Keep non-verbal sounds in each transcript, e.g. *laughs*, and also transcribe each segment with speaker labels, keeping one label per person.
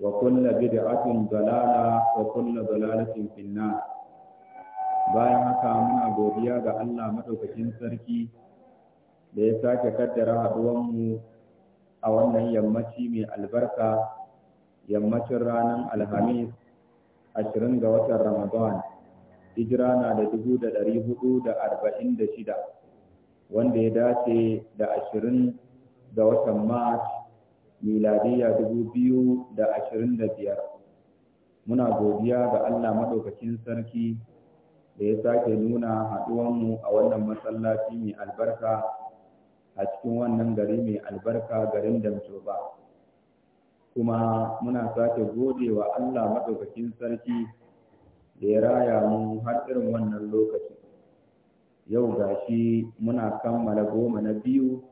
Speaker 1: وكل بدعة ضلالة وكل ضلالة في النار bayan haka muna godiya ga Allah madaukakin sarki da ya sake kaddara mu a wannan yammaci mai albarka yammacin ranar alhamis 20 ga watan ramadan hijira na da da arba'in shida, wanda ya dace da 20 ga watan march miladiyya dubu biyu da ashirin da biyar muna godiya ga Allah maɗaukakin sarki da ya sake nuna haɗuwanmu a wannan masallaci mai albarka a cikin wannan gari mai albarka garin Damtoba kuma muna sake gode wa Allah maɗaukakin sarki da ya raya mu har irin wannan lokaci yau gashi muna kammala goma na biyu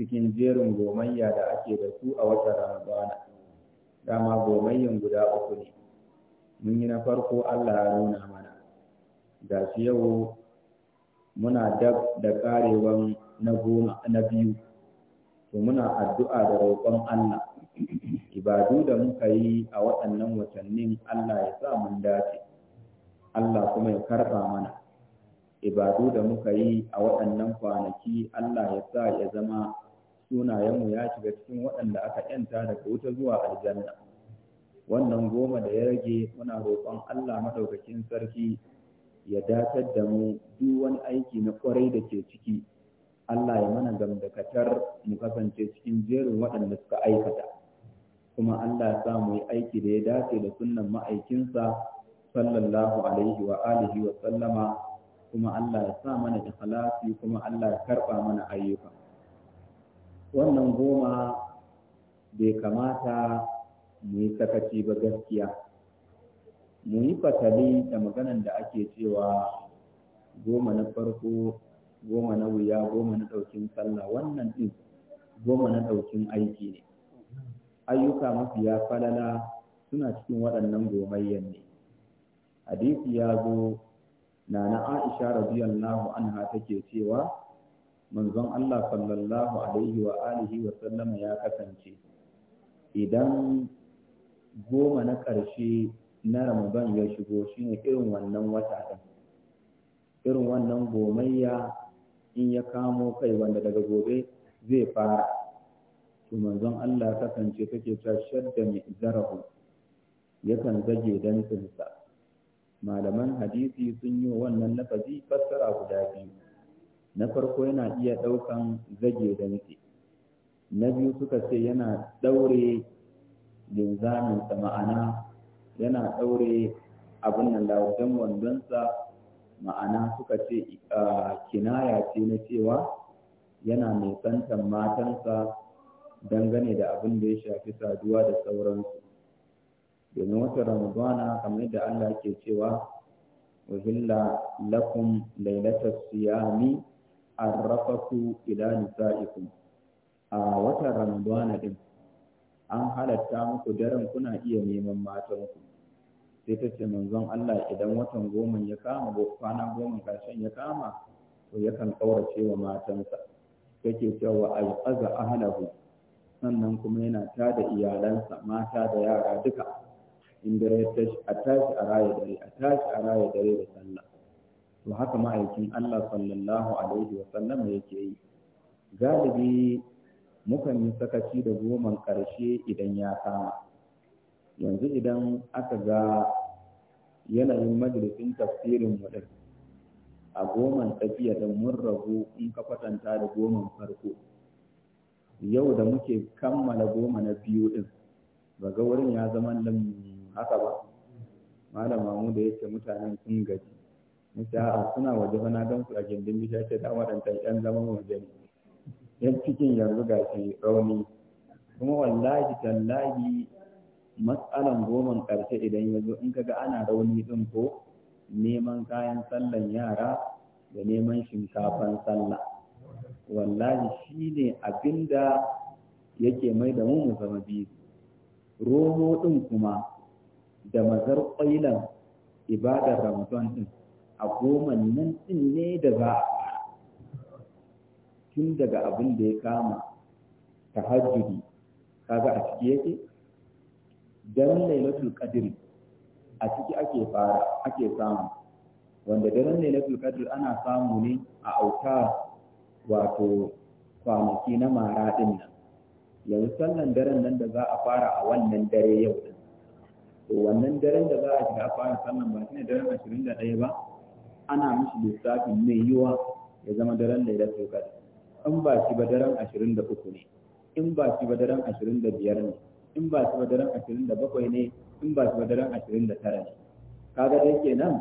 Speaker 1: cikin jerin gomayya da ake da su a watan ramadana dama gomayyan guda uku ne mun yi na farko allah ya nuna mana da shi yau muna dab da karewan na goma na biyu to muna addu'a da roƙon allah ibadu da muka yi a waɗannan watannin allah ya sa mun dace allah kuma ya karɓa mana ibadu da muka yi a waɗannan kwanaki Allah ya sa ya zama sunayenmu ya shiga cikin waɗanda aka ‘yanta daga wuta zuwa aljanna. Wannan goma da ya rage muna roƙon Allah maɗaukakin sarki ya datar da mu duk wani aiki na kwarai da ke ciki. Allah ya mana gamdakatar mu kasance cikin jerin waɗanda suka aikata. Kuma Allah ya sa mu yi aiki da ya dace da sunnan ma'aikinsa sallallahu alaihi wa alihi wa sallama kuma Allah ya sa mana ikhlasi kuma Allah ya karɓa mana ayyukan. wannan goma bai kamata mu yi sakaci ba gaskiya mu yi fatali da maganan da ake cewa goma na farko goma na wuya goma na ɗaukin sallah wannan ɗin goma na ɗaukin aiki ne ayyuka mafiya falala suna cikin waɗannan gomayyan ne hadisi ya zo na na aisha radiyallahu anha take cewa manzon Allah sallallahu alaihi wa alihi wa sallama ya kasance idan goma na ƙarshe na Ramadan ya shigo shine irin wannan wata ɗin irin wannan gomayya in ya kamo kai wanda daga gobe zai fara to manzon Allah kasance take ta shadda mai zarahu yakan zage dantsinsa malaman hadisi sun yi wannan lafazi fassara guda biyu na farko yana iya ɗaukan zage da nufi na biyu suka ce yana ɗaure linzaminsa ma'ana yana ɗaure abin nan lawutan wandonsa ma'ana suka ce kinaya ce na cewa yana mai santan matansa dangane da abin da ya shafi saduwa da sauransu domin wata ramadana kamar yadda Allah ke cewa uhilla lakum lailatas siyami arrafasu ila nisa'ikum a watan ramadana din an halatta muku daren kuna iya neman matan ku sai ta ce manzon Allah idan watan goma ya kama ko kwana goma karshen ya kama to kan kaurace wa matansa take cewa ayqaza ahlahu sannan kuma yana tada iyalansa mata da yara duka in dare a tashi a raya dare a tashi a raya dare da sallah to haka ma'aikin Allah sallallahu alaihi wa sallam yake yi galibi mukan yi sakaci da goman ƙarshe idan ya kama yanzu idan aka ga yanayin majalisin tafsirin mu a goman tafiya da mun ragu in ka kwatanta da goman farko yau da muke kammala goma na biyu din ba ga wurin ya zama nan haka ba malam mamu da yake mutanen sun gaji nace suna waje fa na su a gindin bishiya ce da waɗanta ƴan zaman waje ne yan cikin yanzu ga shi rauni kuma wallahi tallahi matsalan goma ƙarshe idan ya zo in ka ga ana rauni ɗin ko neman kayan sallan yara da neman shinkafan sallah wallahi shi ne abinda yake mai da mu mu zama biyu romo ɗin kuma da mazar ƙwailan ibadar ramadan ɗin a goman nan ɗin ne da za a fara tun daga abin da ya kama tahajjudi kaga a ciki yake dan lailatul qadr a ciki ake fara ake samu wanda daren lailatul qadr ana samu ne a auta wato kwanaki na mara din nan yanzu sallan daren nan da za a fara a wannan dare yau wannan daren da za a shiga fara sallan ba shine daren 21 ba ana mishi lissafin mai yiwa ya zama daren da ya dace ka in ba shi ba daren 23 ne in ba shi ba daren 25 ne in ba shi ba daren 27 ne in ba shi ba daren 29 ne kaga dai kenan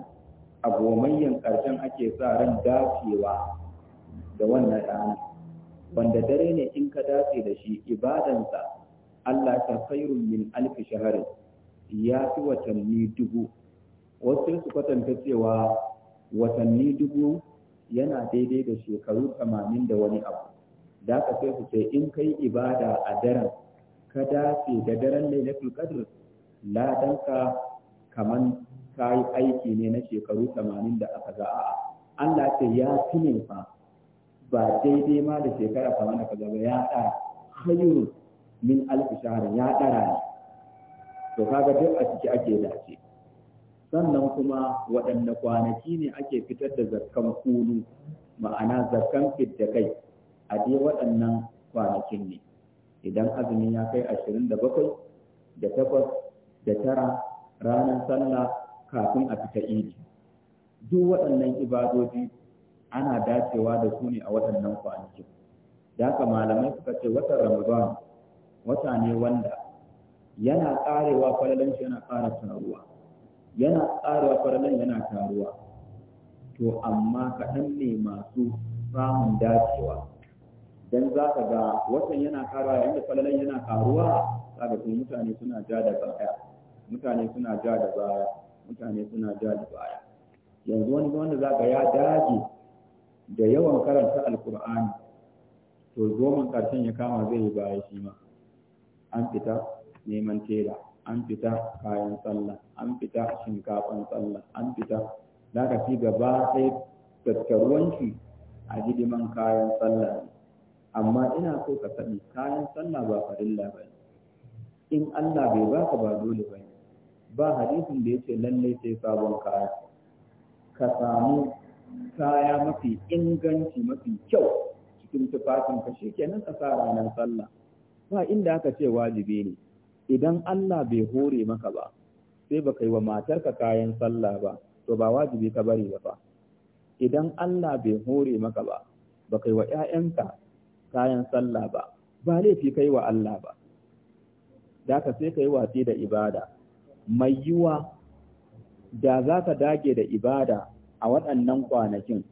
Speaker 1: a gomayyan karshen ake sa ran dacewa da wannan rana wanda dare ne in ka dace da shi ibadansa Allah ta khairun min alf shaharin ya fi watanni dubu wasu su kwatanta cewa watanni dubu yana daidai da shekaru tamanin da wani abu da ka sai ku sai in kai ibada a daren ka dace da daren lailatul qadr ladanka kaman ka yi aiki ne na shekaru tamanin da aka ga? a Allah ce ya tune fa ba daidai ma da shekara kaman da kaza ba ya ɗara hayyuru min alfi ya ɗara ne to kaga duk a ciki ake dace sannan kuma waɗanne kwanaki ne ake fitar da zakkan kulu ma'ana zakkan fidda kai a dai waɗannan kwanakin ne idan azumi ya kai ashirin da bakwai da takwas da tara ranar sallah kafin a fita iri. duk waɗannan ibadoji ana dacewa da su ne a waɗannan kwanakin da haka malamai suka ce watan ramadan wata ne wanda yana ƙarewa falalanci shi yana ƙara tunaruwa yana ƙarewa farallan yana taruwa to amma kaɗan ne masu samun dacewa dan za ka ga watan yana ƙaruwa yayin da farallan yana ƙaruwa kaga to mutane suna ja da baya mutane suna ja da baya mutane suna ja da baya yanzu wani wanda za ka ya dace da yawan karanta alkur'ani to zoman ƙarshen ya kama zai yi baya shi ma an fita neman tela an fita kayan sallah an fita shinkafan sallah an fita da ka fi gaba sai tattaruwanki a hidiman kayan sallah amma ina so ka sani kayan sallah ba farilla ba in Allah bai baka ba dole ba ne ba hadisin da ya ce lallai sai sabon kaya ka samu kaya mafi inganci mafi kyau cikin tufafin ka kenan ka sa ranar sallah ba inda aka ce wajibi ne idan Allah bai hore maka ba sai baka yi wa matarka kayan sallah ba to ba wajibi ka bari ba idan Allah bai hore maka ba baka yi wa ƴaƴanka kayan sallah ba ba laifi kai wa Allah ba da ka sai kai watsi da ibada mai yiwa da za ka dage da ibada a waɗannan kwanakin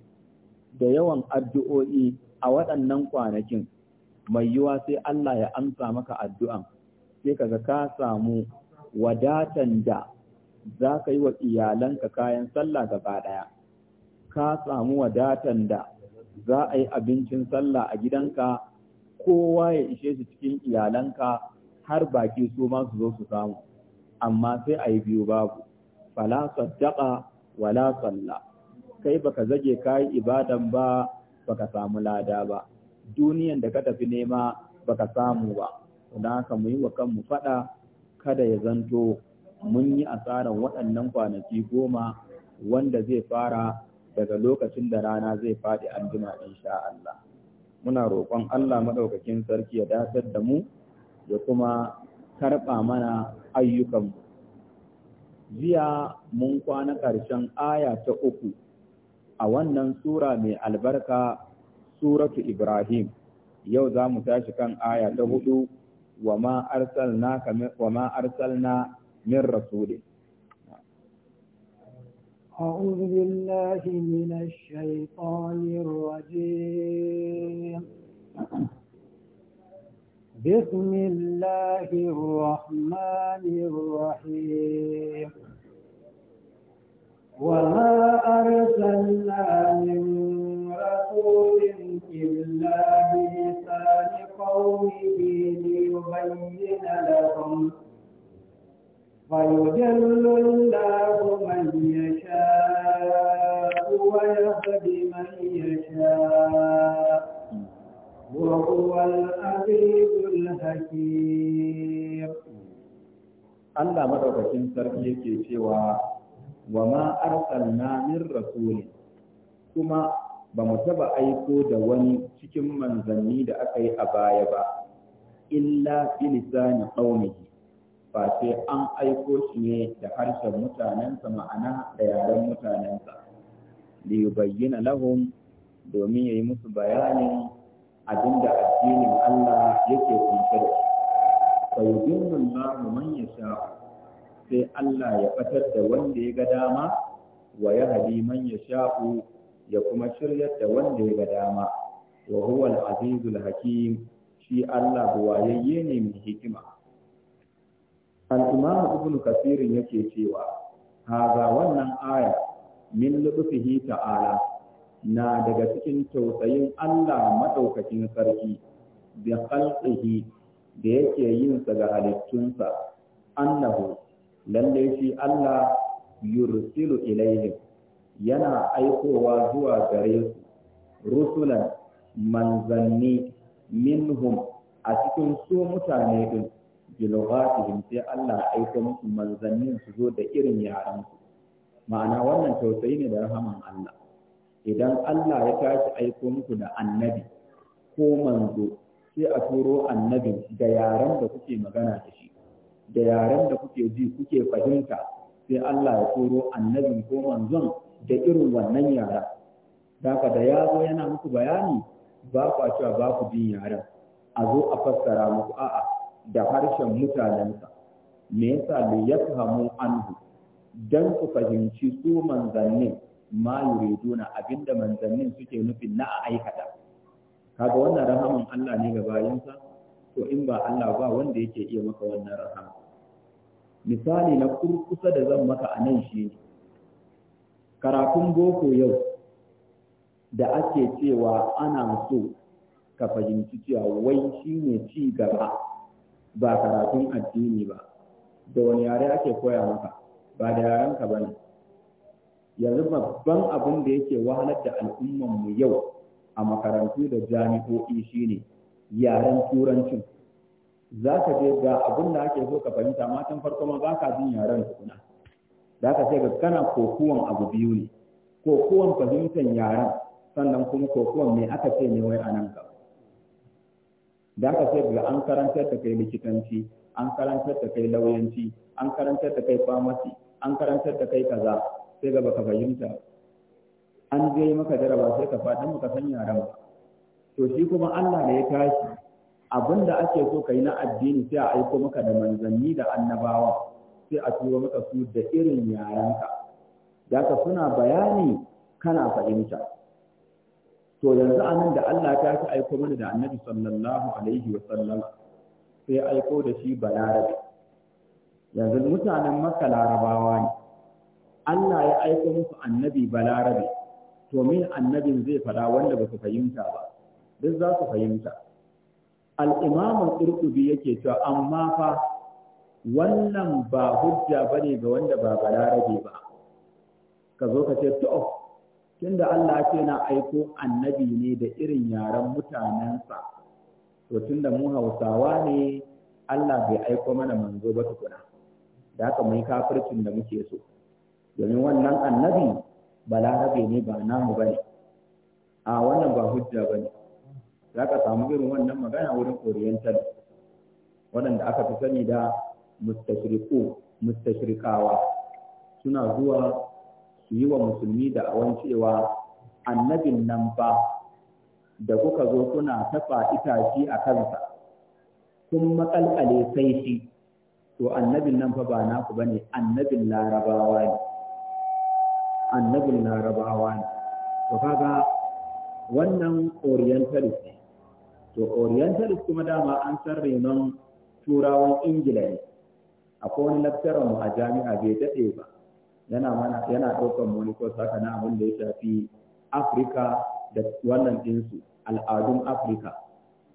Speaker 1: da yawan addu'o'i a waɗannan kwanakin mai yiwa sai Allah ya amsa maka addu'an sai kaga ka samu wadatan da za ka yi wa iyalanka kayan sallah gaba ɗaya ka samu wadatan da za a yi abincin sallah a gidanka kowa ya ishe shi cikin iyalanka har baki su ma su zo su samu amma sai a yi biyu babu fala saddaqa wala salla kai baka zage kayi ibadan ba baka samu lada ba duniyan da ka tafi nema baka samu ba don haka mu yi wa kanmu faɗa kada ya zanto mun yi asarar waɗannan kwanaki goma wanda zai fara daga lokacin da rana zai faɗi anjima jima insha Allah. Muna roƙon Allah maɗaukakin sarki ya dasar da mu ya kuma karɓa mana ayyukanmu. Jiya mun kwana ƙarshen aya ta uku a wannan Sura mai albarka Suratu Ibrahim, yau za mu tashi kan aya ta hudu وما أرسلنا وما أرسلنا من رسول
Speaker 2: أعوذ بالله من الشيطان الرجيم بسم الله الرحمن الرحيم وما ويذل الله من يشاء ويهدي من يشاء وهو العزيز الحكيم
Speaker 1: Allah Sarki yake cewa wa ma arsalna min rasuli kuma ba mu taba aiko da wani cikin manzanni da aka yi a baya ba illa bi lisani qaumihi ba sai an aiko shi ne da harshen mutanensa ma'ana da yaren mutanensa yi bayyana lahum domin ya yi musu bayanin abinda addinin Allah yake kunshe da shi fa yudillu Allahu man sha sai Allah ya fatar da wanda ya ga dama wa ya hadi man sha'u ya kuma shiryar da wanda ya ga dama wa huwa al-azizul hakim shi Allah buwayayye ne mai hikima al-imam ibn kasir yake cewa haza wannan aya min lubfihi ta'ala na daga cikin tausayin Allah madaukakin sarki bi khalqihi da yake yin sa ga halittunsa annahu lalle shi Allah yursilu ilaihim yana aikowa zuwa gare su rusulan manzanni minhum a cikin su mutane din bilogatihim sai Allah aika musu manzannin su zo da irin yaran su ma'ana wannan tausayi ne da rahaman Allah idan Allah ya tashi aiko muku da annabi ko manzo sai a turo annabi da yaran da kuke magana da shi da yaran da kuke ji kuke fahimta sai Allah ya turo annabi ko manzon da irin wannan yara daga da ya yana muku bayani ba ku cewa ba ku bin yaran a zo a fassara muku a'a da harshen mutanensa me yasa ya yafhamu anhu dan ku fahimci su manzannin ma na abinda manzannin suke nufin na a aikata
Speaker 2: kaga wannan rahaman
Speaker 1: Allah ne ga bayansa to in ba Allah ba wanda yake iya maka wannan rahama misali na kusa da zan maka a nan shi karatun boko yau da ake cewa ana so ka fahimci cewa wai shi ne ci gaba ba karatun addini ba da wani yare ake koya maka ba da yaren ka bane yanzu babban abin da yake wahalar da al'umman mu yau a makarantu da jami'o'i shine yaren turancin za ka je ga abin da ake so ka fahimta matan farko ma ba ka jin yaren tukuna za ka ce ga kana kokuwan abu biyu ne kokuwan fahimtar yaren sannan kuma kokuwan me aka ce ne wai a nan gaba da haka sai da an karantar da kai likitanci an karantar da kai lauyanci an karantar da kai famasi an karantar da kai kaza sai ga baka fahimta an je maka jaraba sai ka faɗi maka san yara to shi kuma Allah da ya tashi abin da ake so ka yi na addini sai a aiko maka da manzanni da annabawa sai a turo maka su da irin yaranka da ka suna bayani kana fahimta to yanzu anan da Allah ta ta aiko mana da annabi sallallahu alaihi wa sai aiko da shi balarabe yanzu mutanen maka larabawa ne Allah ya aiko musu annabi balarabe to min annabin zai fada wanda ba su fahimta ba duk za su fahimta al-imam qurtubi yake cewa amma fa wannan ba hujja bane ga wanda ba balarabe ba ka zo ka ce to tunda Allah ce na aiko annabi ne da irin yaren mutanensa to tunda mu Hausawa ne Allah bai aiko mana manzo ba tukuna da haka mun kafircin da muke so domin wannan annabi balarabe ne ba namu bane a wannan ba hujja bane za ka samu irin wannan magana wurin oriental waɗanda aka fi sani da mustashriku mustashrikawa suna zuwa su yi wa musulmi da awan cewa annabin nan ba da kuka zo kuna tafa itaci a kansa kun makalkale sai shi to annabin nan fa ba naku bane annabin larabawa ne annabin larabawa ne to kaga wannan orientalist ne to orientalist kuma dama an san renon turawan ingila ne akwai wani lakcarar mu a jami'a bai daɗe ba yana mana yana ɗaukar wani ko saka na abin da ya shafi Afirka da wannan ɗinsu al'adun Afirka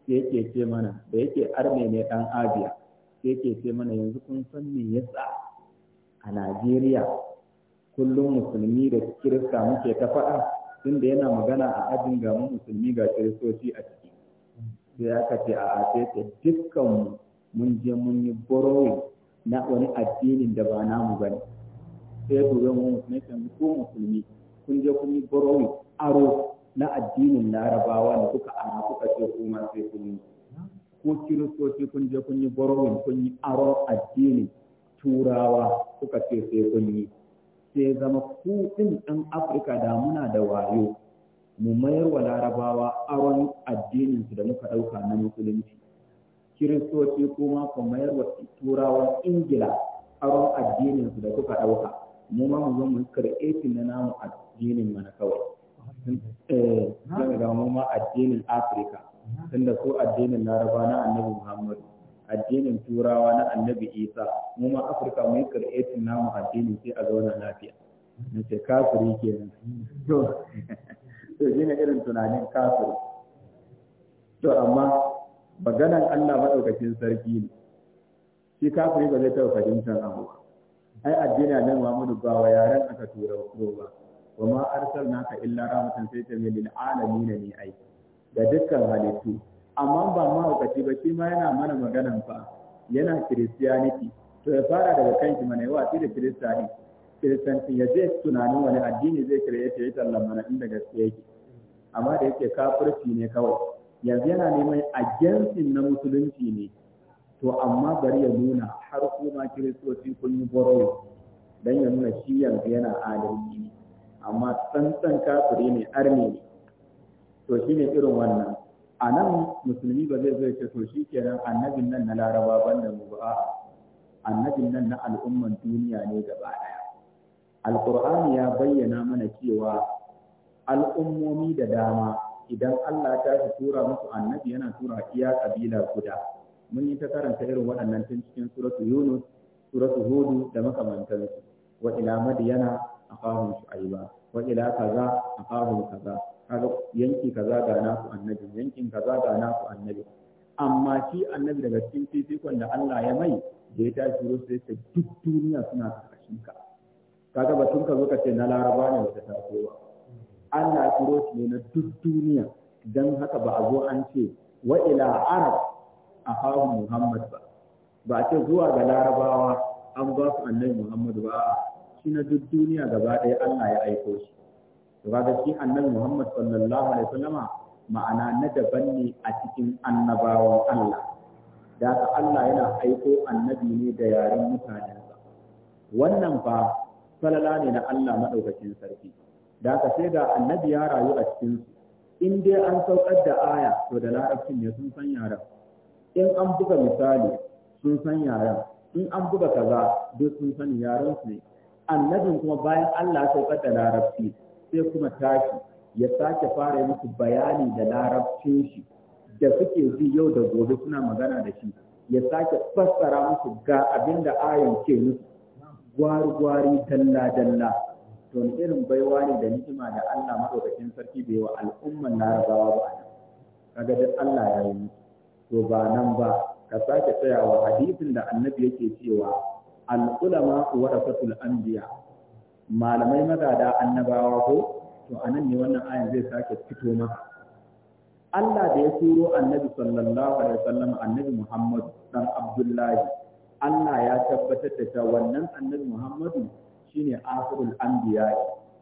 Speaker 1: sai yake ce mana da yake arme ne ɗan Abia sai yake ce mana yanzu kun san me yasa a Najeriya kullum musulmi da kirista muke ta faɗa tunda yana magana a ajin ga mu musulmi ga kiristoci a ciki sai aka ce a ta dukkanmu mun je mun yi borrowing na wani addinin da ba namu bane sai ya mu musulmi kan ko musulmi kun je kun yi borowi aro na addinin larabawa da kuka ara kuka ce kuma sai kun yi ko kiristoci kun je kun yi borrowing kun yi aro addinin turawa kuka ce sai kun yi sai zama ku ɗin ɗan afirka da muna da wayo mu mayar wa larabawa aron addininsu da muka ɗauka na musulunci kiristoci kuma ku mayar wa turawan ingila aron addininsu da kuka ɗauka mu ma mu zo mu karɓe na namu addinin mana kawai sun eh, ga mu ma addinin Afirka tunda ko addinin Laraba na Annabi Muhammad addinin Turawa na Annabi Isa mu ma Afirka mu karɓe namu addinin sai a zauna lafiya na ce kafiri kenan to *laughs* to shine irin tunanin kafiri to amma maganan Allah maɗaukakin sarki ne shi kafiri ba zai taɓa fahimtar abu ba ai addini nan Muhammadu ba wa yaran aka tura ko ba wa ma naka illa rahmatan sai ta lil alamin ne ai da dukkan halittu amma ba ma wakati ba shi ma yana mana maganan fa yana christianity to ya fara daga kanki mana yawa da kristiyani kiristanci ya je tunanin wani addini zai kire ya tallan mana inda gaske yake amma da yake kafirci ne kawai yanzu yana neman agensin na musulunci ne to amma bari ya nuna har kuma kiristoci kun yi borowa dan ya nuna shi yanzu yana adalci amma tsantsan kafiri ne arne ne to shine irin wannan a nan musulmi ba zai zai ce to shi kenan annabin nan na laraba banda da mu ba annabin nan na al'umman duniya ne gaba ɗaya alƙur'ani ya bayyana mana cewa al'ummomi da dama idan Allah ta tura musu annabi yana tura iya kabila guda mun yi ta karanta irin waɗannan tun cikin suratu yunus suratu hudu da makamantansu wa ila madiyana akahum shu'aiba wa ila kaza a akahum kaza kaga yanki kaza ga naku annabi yankin kaza ga naku annabi amma shi annabi daga cikin fifikon da Allah ya mai da ya tashi rusu ya ce duk duniya suna karkashin ka kaga batun ka zo ka ce na laraba ne wata taso ba Allah ya turo shi ne na duk duniya Don haka ba a zo an ce wa ila arab a hawan Muhammad ba ba a ce zuwa ga larabawa an ba su annabi Muhammad ba a shi na duk duniya gaba ɗaya Allah ya aiko shi to ga shi annabi Muhammad sallallahu alaihi wasallama ma'ana na daban ne a cikin annabawan Allah da haka Allah yana aiko annabi ne da yaren mutanensa wannan fa salala ne na Allah maɗaukacin sarki da haka sai ga annabi ya rayu a cikin in dai an saukar da aya to da larabcin ne sun san yaran in an buga misali sun san yaren in an buga kaza duk sun san yaren su ne annabin kuma bayan Allah saukar da larabci sai kuma tashi ya sake fara musu bayani da larabcin shi da suke ji yau da gobe suna magana da shi ya sake fassara musu ga abin da ayan ke musu gwari-gwari dalla-dalla to irin baiwa ne da ni'ima da Allah madaukakin sarki bai wa al'umman larabawa ba kaga duk Allah ya yi musu to ba nan ba ka sake tsayawa hadisin da annabi yake cewa al-ulama rafatul anbiya malamai magada annabawa ko to anan ne wannan ayan zai sake fito maka Allah da ya turo annabi sallallahu alaihi wasallam annabi Muhammad dan Abdullahi Allah ya tabbatar da wannan annabi Muhammadu shine akhirul anbiya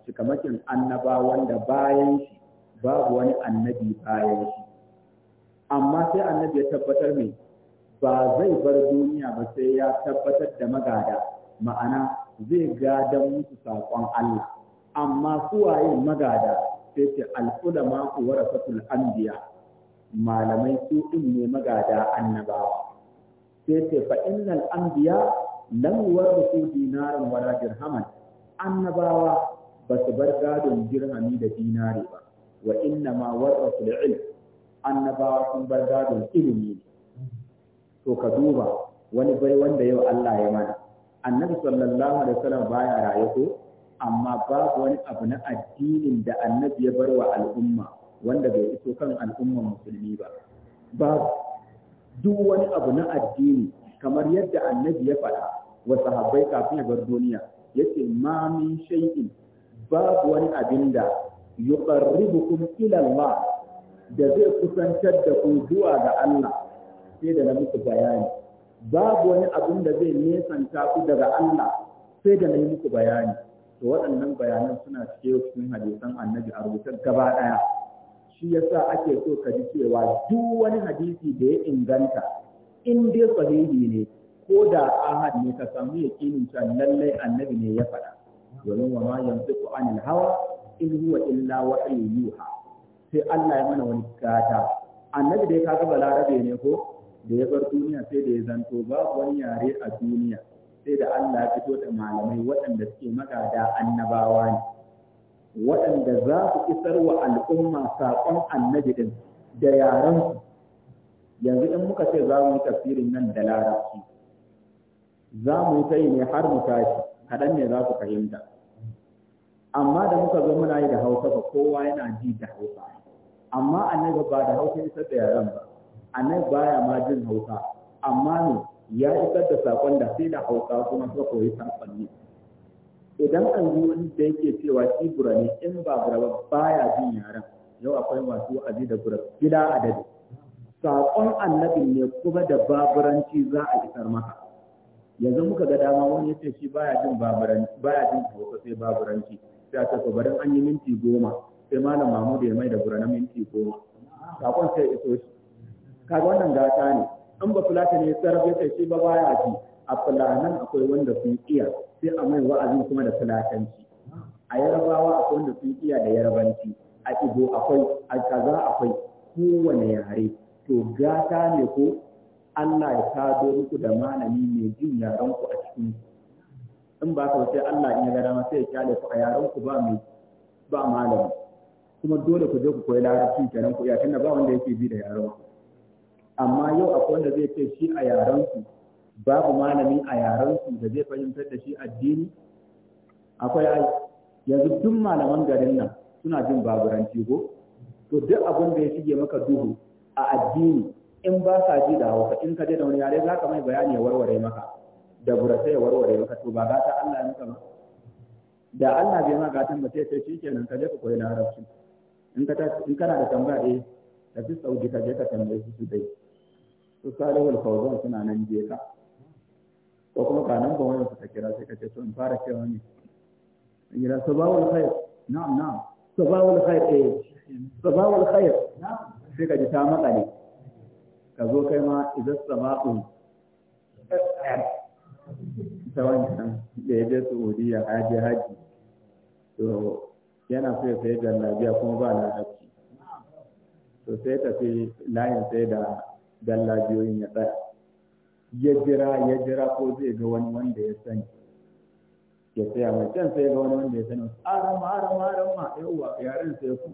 Speaker 1: shi kamakin annabawan da bayan shi babu wani annabi bayan shi amma sai annabi ya tabbatar mai ba zai bar duniya ba sai ya tabbatar da magada ma'ana zai gadan musu saƙon Allah amma suwaye magada sai ce al'ulama warasatul anbiya malamai su din ne magada annabawa sai ce fa innal anbiya lam yuwarrisu dinaran wala dirhaman annabawa ba su bar gadon dirhami da dinari ba wa inna ma warrasul ilm annabawa sun bar gadon ilimi ne to ka duba wani bai wanda yau Allah ya mana annabi sallallahu alaihi wasallam baya raye ko amma babu wani abu na addinin da annabi ya bar wa al'umma wanda bai iso kan al'umman musulmi ba babu duk wani abu na addini kamar yadda annabi ya faɗa wa sahabbai kafin ya bar duniya yace ma min shay'in babu wani abin da yuqarribukum ila Allah da zai kusantar da ku zuwa ga Allah sai da na muku bayani babu wani abin da zai nesanta ku daga Allah sai da na yi muku bayani to waɗannan bayanan suna cike cikin hadisan annabi a rubutar gaba ɗaya shi yasa ake so ka ji cewa duk wani hadisi da ya inganta in dai sahihi ne ko da ahad ne ka samu yakinin cewa lallai annabi ne ya faɗa domin wa yanzu ku anil hawa in huwa illa wa'i yuha sai Allah ya mana wani gata annabi ya kaga balarabe ne ko da ya bar duniya sai da ya zanto babu wani yare a duniya sai da Allah ya fito da malamai waɗanda suke magada annabawa ne waɗanda za su isar wa al'umma saƙon annabi din da yarensu yanzu in muka ce za mu yi tafsirin nan da larabci za mu yi tayi ne har mu tashi kaɗan ne za ku fahimta amma da muka zo muna yi da hausa ba kowa yana ji da hausa amma annabi ba da hausa isar da yaren ba annabi baya ma jin hausa amma ne ya isar da sakon da sai da hausa kuma suka koyi sakonni idan an ji wani da yake cewa shi burane in ba ba ya jin yaren, yau akwai masu aji da bura a adadi Saƙon annabin ne kuma da baburanci za a isar maka yanzu muka ga dama wani ya ce shi baya jin baburanci jin hausa sai baburanci sai a ce an yi minti goma sai malam Mahmud ya mai da gura na minti goma sakon sai iso shi kaga wannan gata ne in ba fulata ne sarrafa ya sai shi ba baya ji a fulanan akwai wanda sun iya sai a mai wa'azi kuma da fulatanci a yarabawa akwai wanda sun iya da yarabanci a ido akwai a kaza akwai kowane yare to gata ne ko Allah ya kado muku da malami mai jin yaran a cikin in ba ka sai Allah in ya gara ma sai ya kyale ku a yaran ku ba mai ba malami kuma dole ku je ku koyi larabci kenan ku iya tunda ba wanda yake bi da yaron ku amma yau akwai wanda zai ce shi a yaron ku babu malami a yaron ku da zai fahimtar da shi addini akwai ai yanzu duk malaman garin nan suna jin baburanci ko to duk abin da ya shige maka duhu a addini in ba sa ji da hausa in ka je da wani yare za ka mai bayani ya warware maka da burasa ya warware maka to ba ta Allah ya maka ba da Allah bai ma gatan ba sai sai kenan ka je ka koyi larabci in ka in kana da tambaya eh da fi saudi ka je ka tambaye su su dai su wal fawzan suna nan je ka ko kuma ka nan ba wani ta kira sai ka ce to in fara cewa ne ila sabawul khair na'am na'am sabawul khair eh sabawul khair na'am sai ka ji ta makale ka zo kai ma idan sabahul ta nan, da ya je Saudiya haji haji to yana so ya sayi jallabiya kuma ba na haƙƙi to sai tafi layin sai da jallabiyoyin ya tsaya ya jira ya jira ko zai ga wani wanda ya sani ya saya mai can sai ga wani wanda ya sani arama arama arama yauwa yaren sai ku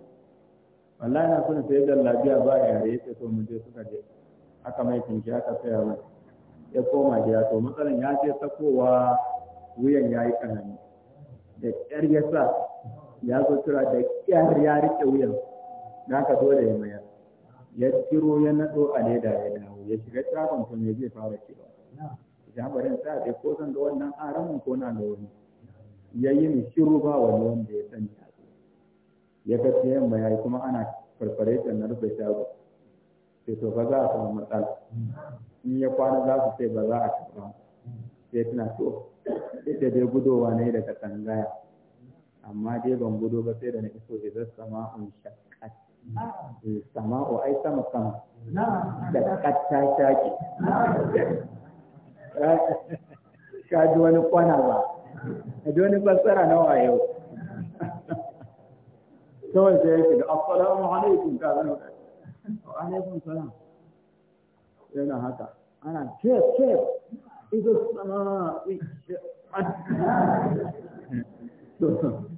Speaker 1: wallahi na son sai jallabiya ba yare ya to mu je suka je aka mai kinki aka saya mai ya koma gida to matsalan ya je sakowa wuyan ya yi kanani da ƙyar ya sa ya zo tura da kyar ya rike wuyan na ka dole ya mayar ya ciro ya naɗo a leda ya dawo ya shiga tsakon kun ya zai fara cewa ya bari sa dai ko zan ga wannan aramin ko na ga wani ya yi mi shiru ba wani wanda ya sani a ya ga ta yamma ya yi kuma ana farfaretin na rufe shago sai to ba za a samu matsala in ya kwana za su sai ba za a ba sai tana to ita dai gudowa ne daga tangaya. amma dai ban gudo ba sai da na iso idan shakkat
Speaker 2: eh, ai
Speaker 1: sama sama shakkat ta shaki *laughs* ka ji wani kwana ba ka ji wani fassara nawa yau *laughs* kawai sai ya shiga assalamu alaikum ka zama wa
Speaker 2: alaikum salam yana haka ana ido sama *laughs*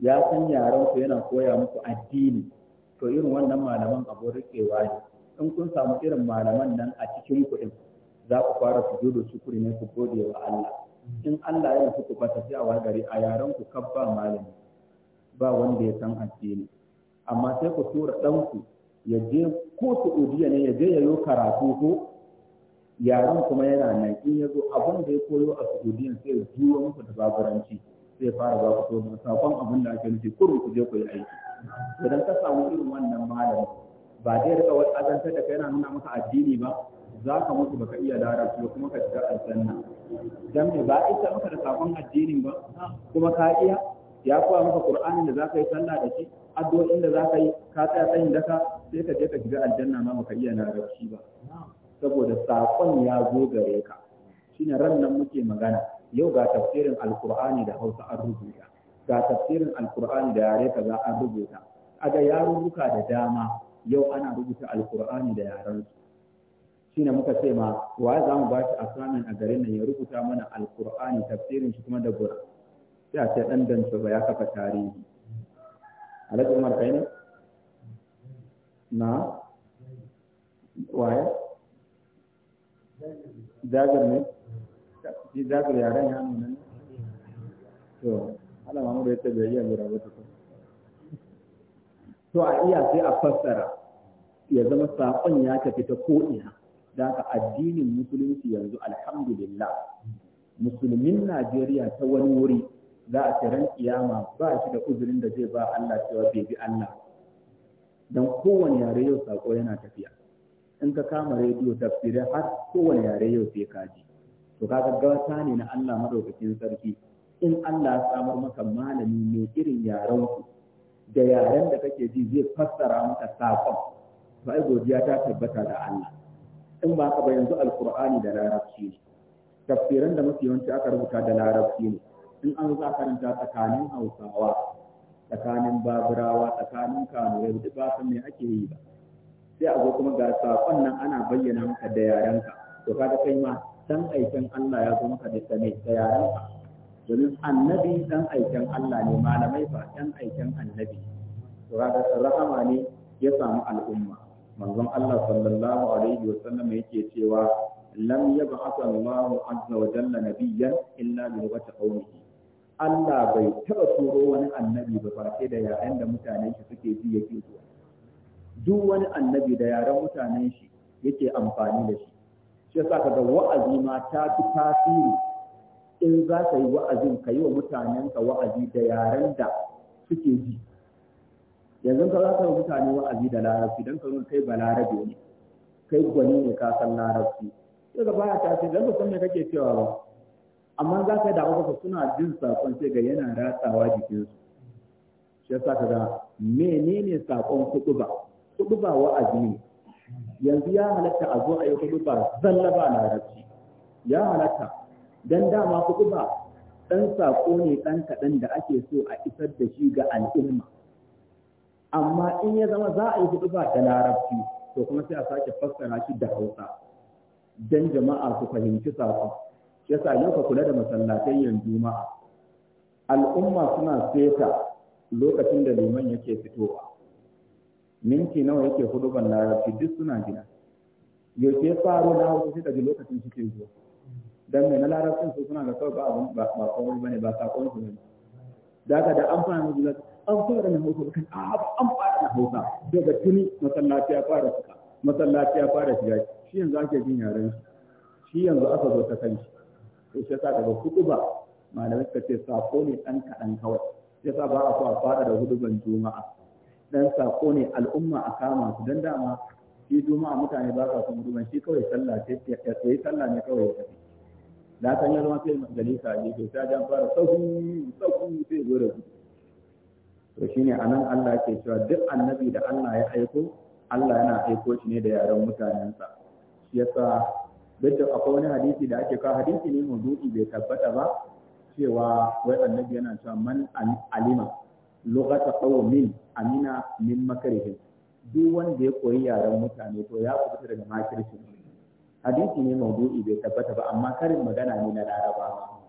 Speaker 1: ya san yaran ku yana koya muku addini to irin wannan malaman abun riƙewa ne in kun samu irin malaman nan a cikin kuɗin za ku fara su sujudu shukuri ne ku gode wa Allah in Allah ya ku bata a gari a yaran ku kan ba malami ba wanda ya san addini amma sai ku tura ɗanku ya je ko Saudiya ne ya je ya yi karatu ko yaron kuma yana nan in ya zo abin da ya koyo a Saudiya sai ya juyo muku da baburanci zai fara ba ku tobin sakon abin da ake nufi kurru ku je ku yi aiki idan ka samu irin wannan malami ba zai rika wani azantar da kai yana nuna maka addini ba za ka mutu baka iya larabci ba kuma ka shiga aljanna dan me ba isa maka da sakon addinin ba kuma ka iya ya koya maka qur'anin da za ka yi sallah da shi addu'o'in da ka yi ka tsaya tsayin daka sai ka je ka shiga aljanna ma baka iya larabci ba saboda sakon ya zo gare ka shine ran nan muke magana yau ga tafsirin alkur'ani da hausa an rubuta ga tafsirin alkur'ani da yare za an rubuta a ga yarurruka da dama yau ana rubuta alkur'ani da yaren su ne muka ce ma wa za mu bashi assignment a garin nan ya rubuta mana alkur'ani tafsirin shi kuma da gura sai a ce dan dan ba ya kafa tarihi alhaji umar kai ne na waye jabir ne shi yaren ya nuna ne to mamu da lura ba ta to a iya sai a fassara ya zama saƙon ya tafi ta ko'ina da haka addinin musulunci yanzu alhamdulillah musulmin najeriya ta wani wuri za a ran kiyama ba shi da uzurin da zai ba Allah cewa bai bi Allah dan kowane yare yau sako yana tafiya in ka kama rediyo tafsirai har kowane yare yau sai ka ji to kaga ne na Allah madaukakin sarki in Allah ya samar maka malami mai irin yaran ku da yaren da kake ji zai fassara maka sakon to ai godiya ta tabbata da Allah in ba ka ba yanzu alqur'ani da larabci ne tafsiran da mafi yawanci aka rubuta da larabci ne in an za karanta tsakanin hausawa tsakanin baburawa tsakanin ya duk ba san me ake yi ba sai a zo kuma ga sakon nan ana bayyana maka da yarenka to kaga kai ma dan aikin Allah ya zo maka da sane da ka domin annabi dan aikin Allah ne malamai ba dan aikin annabi to ga rahama ne ya samu al'umma manzon Allah sallallahu alaihi wa sallam yake cewa lam yab'atha Allahu azza wa jalla nabiyyan illa bi lughati qaumihi Allah bai taba turo wani annabi ba ba sai da yayan da mutanen shi suke ji yake zuwa duk wani annabi da yaren mutanen shi yake amfani da shi shi yasa kaga wa'azi ma ta fi tasiri in za ka yi wa'azin ka yi wa mutanenka wa'azi da yaren da suke ji yanzu ka za ka yi mutane wa'azi da larabci don ka zo kai ba larabe ne kai gwani ne ka san larabci sai ka baya tasiri don ka san me kake cewa ba amma za ka yi da ka suna jin saƙon sai ga yana ratsawa jikinsu shi yasa kaga menene sakon kuɗu kuɗuba wa'azi ne yanzu ya halatta a zo a yi kudu ba zalla ba larabci ya halatta don dama kudu ba ɗan saƙo ne ɗan kaɗan da ake so a isar da shi ga al'umma amma in ya zama za a yi kudu ba da larabci to kuma sai a sake fassara shi da hausa dan jama'a su fahimci Ya sa yau ka kula da masallatai yanzu ma'a al'umma suna seta lokacin da liman yake fitowa minti nawa yake ban larabci duk suna gina. yake ya na hausa sai daga lokacin suke zuwa dan mai na larabci su suna ga kawai ba abun ba ba komai bane ba sakon su ne daga da an fara musu an fara na hausa kan ah, an fara na hausa daga tuni masallaci ya fara suka masallaci ya fara shiga shi yanzu ake jin yaren shi yanzu aka zo ta kan shi to daga hudu ba malamai suka ce sako ne dan kaɗan kawai yasa ba a so a fara da hudu ban juma'a dan sako ne al'umma a kama su dan dama shi juma'a mutane ba sa son shi kawai sallah ce ya yi sallah ne kawai ya tafi da kan yi zama sai majalisa ne to ta jan fara sauku sauku sai zo da su to shine anan Allah ke cewa duk annabi da Allah ya aiko Allah yana aiko shi ne da yaran mutanensa shi yasa duk akwai wani hadisi da ake kawo hadisi ne mawdu'i bai tabbata ba cewa wai annabi yana cewa man alima lugata qaumin amina min makarihim duk wanda ya koyi yaren mutane to ya fita daga makirci hadisi ne maudu'i bai tabbata ba amma karin magana ne na Laraba.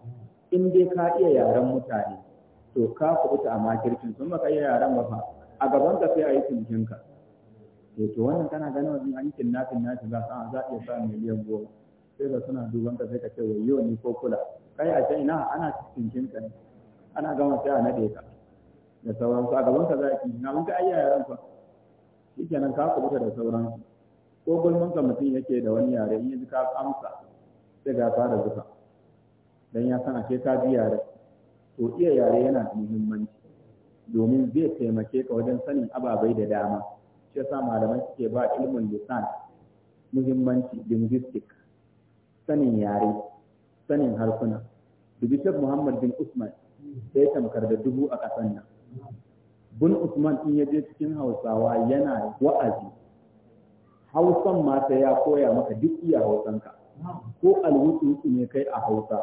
Speaker 1: in dai ka iya yaren mutane to ka kubuta a makircin sun ka iya yaren ba a gaban ka sai a yi cinikinka to eh, to wannan kana ganin wajen an kidnapping na za sa za iya sa miliyan goma sai ka suna duban ka sai ka ce wayo ni ko kula kai a ce ina ana ka ne ana gama sai a nade ka da sauransu a gaban ka za ki na mun ka ayya yaran fa nan ka kubuta da sauransu ko gulman ka mutum yake da wani yare in yanzu ka amsa sai ga fara zuka dan ya san ashe ka biya yare to iya yare yana da muhimmanci domin zai taimake ka wajen sanin ababai da dama shi yasa malamai suke ba ilmin lisan muhimmanci linguistic sanin yare sanin harsuna dubi Sheikh Muhammad bin Usman sai tamkar da dubu a ƙasar nan bin usman in ya je cikin hausawa yana wa'azi hausan mata ya koya maka duk iya hausanka ko alwutsu ne kai a hausa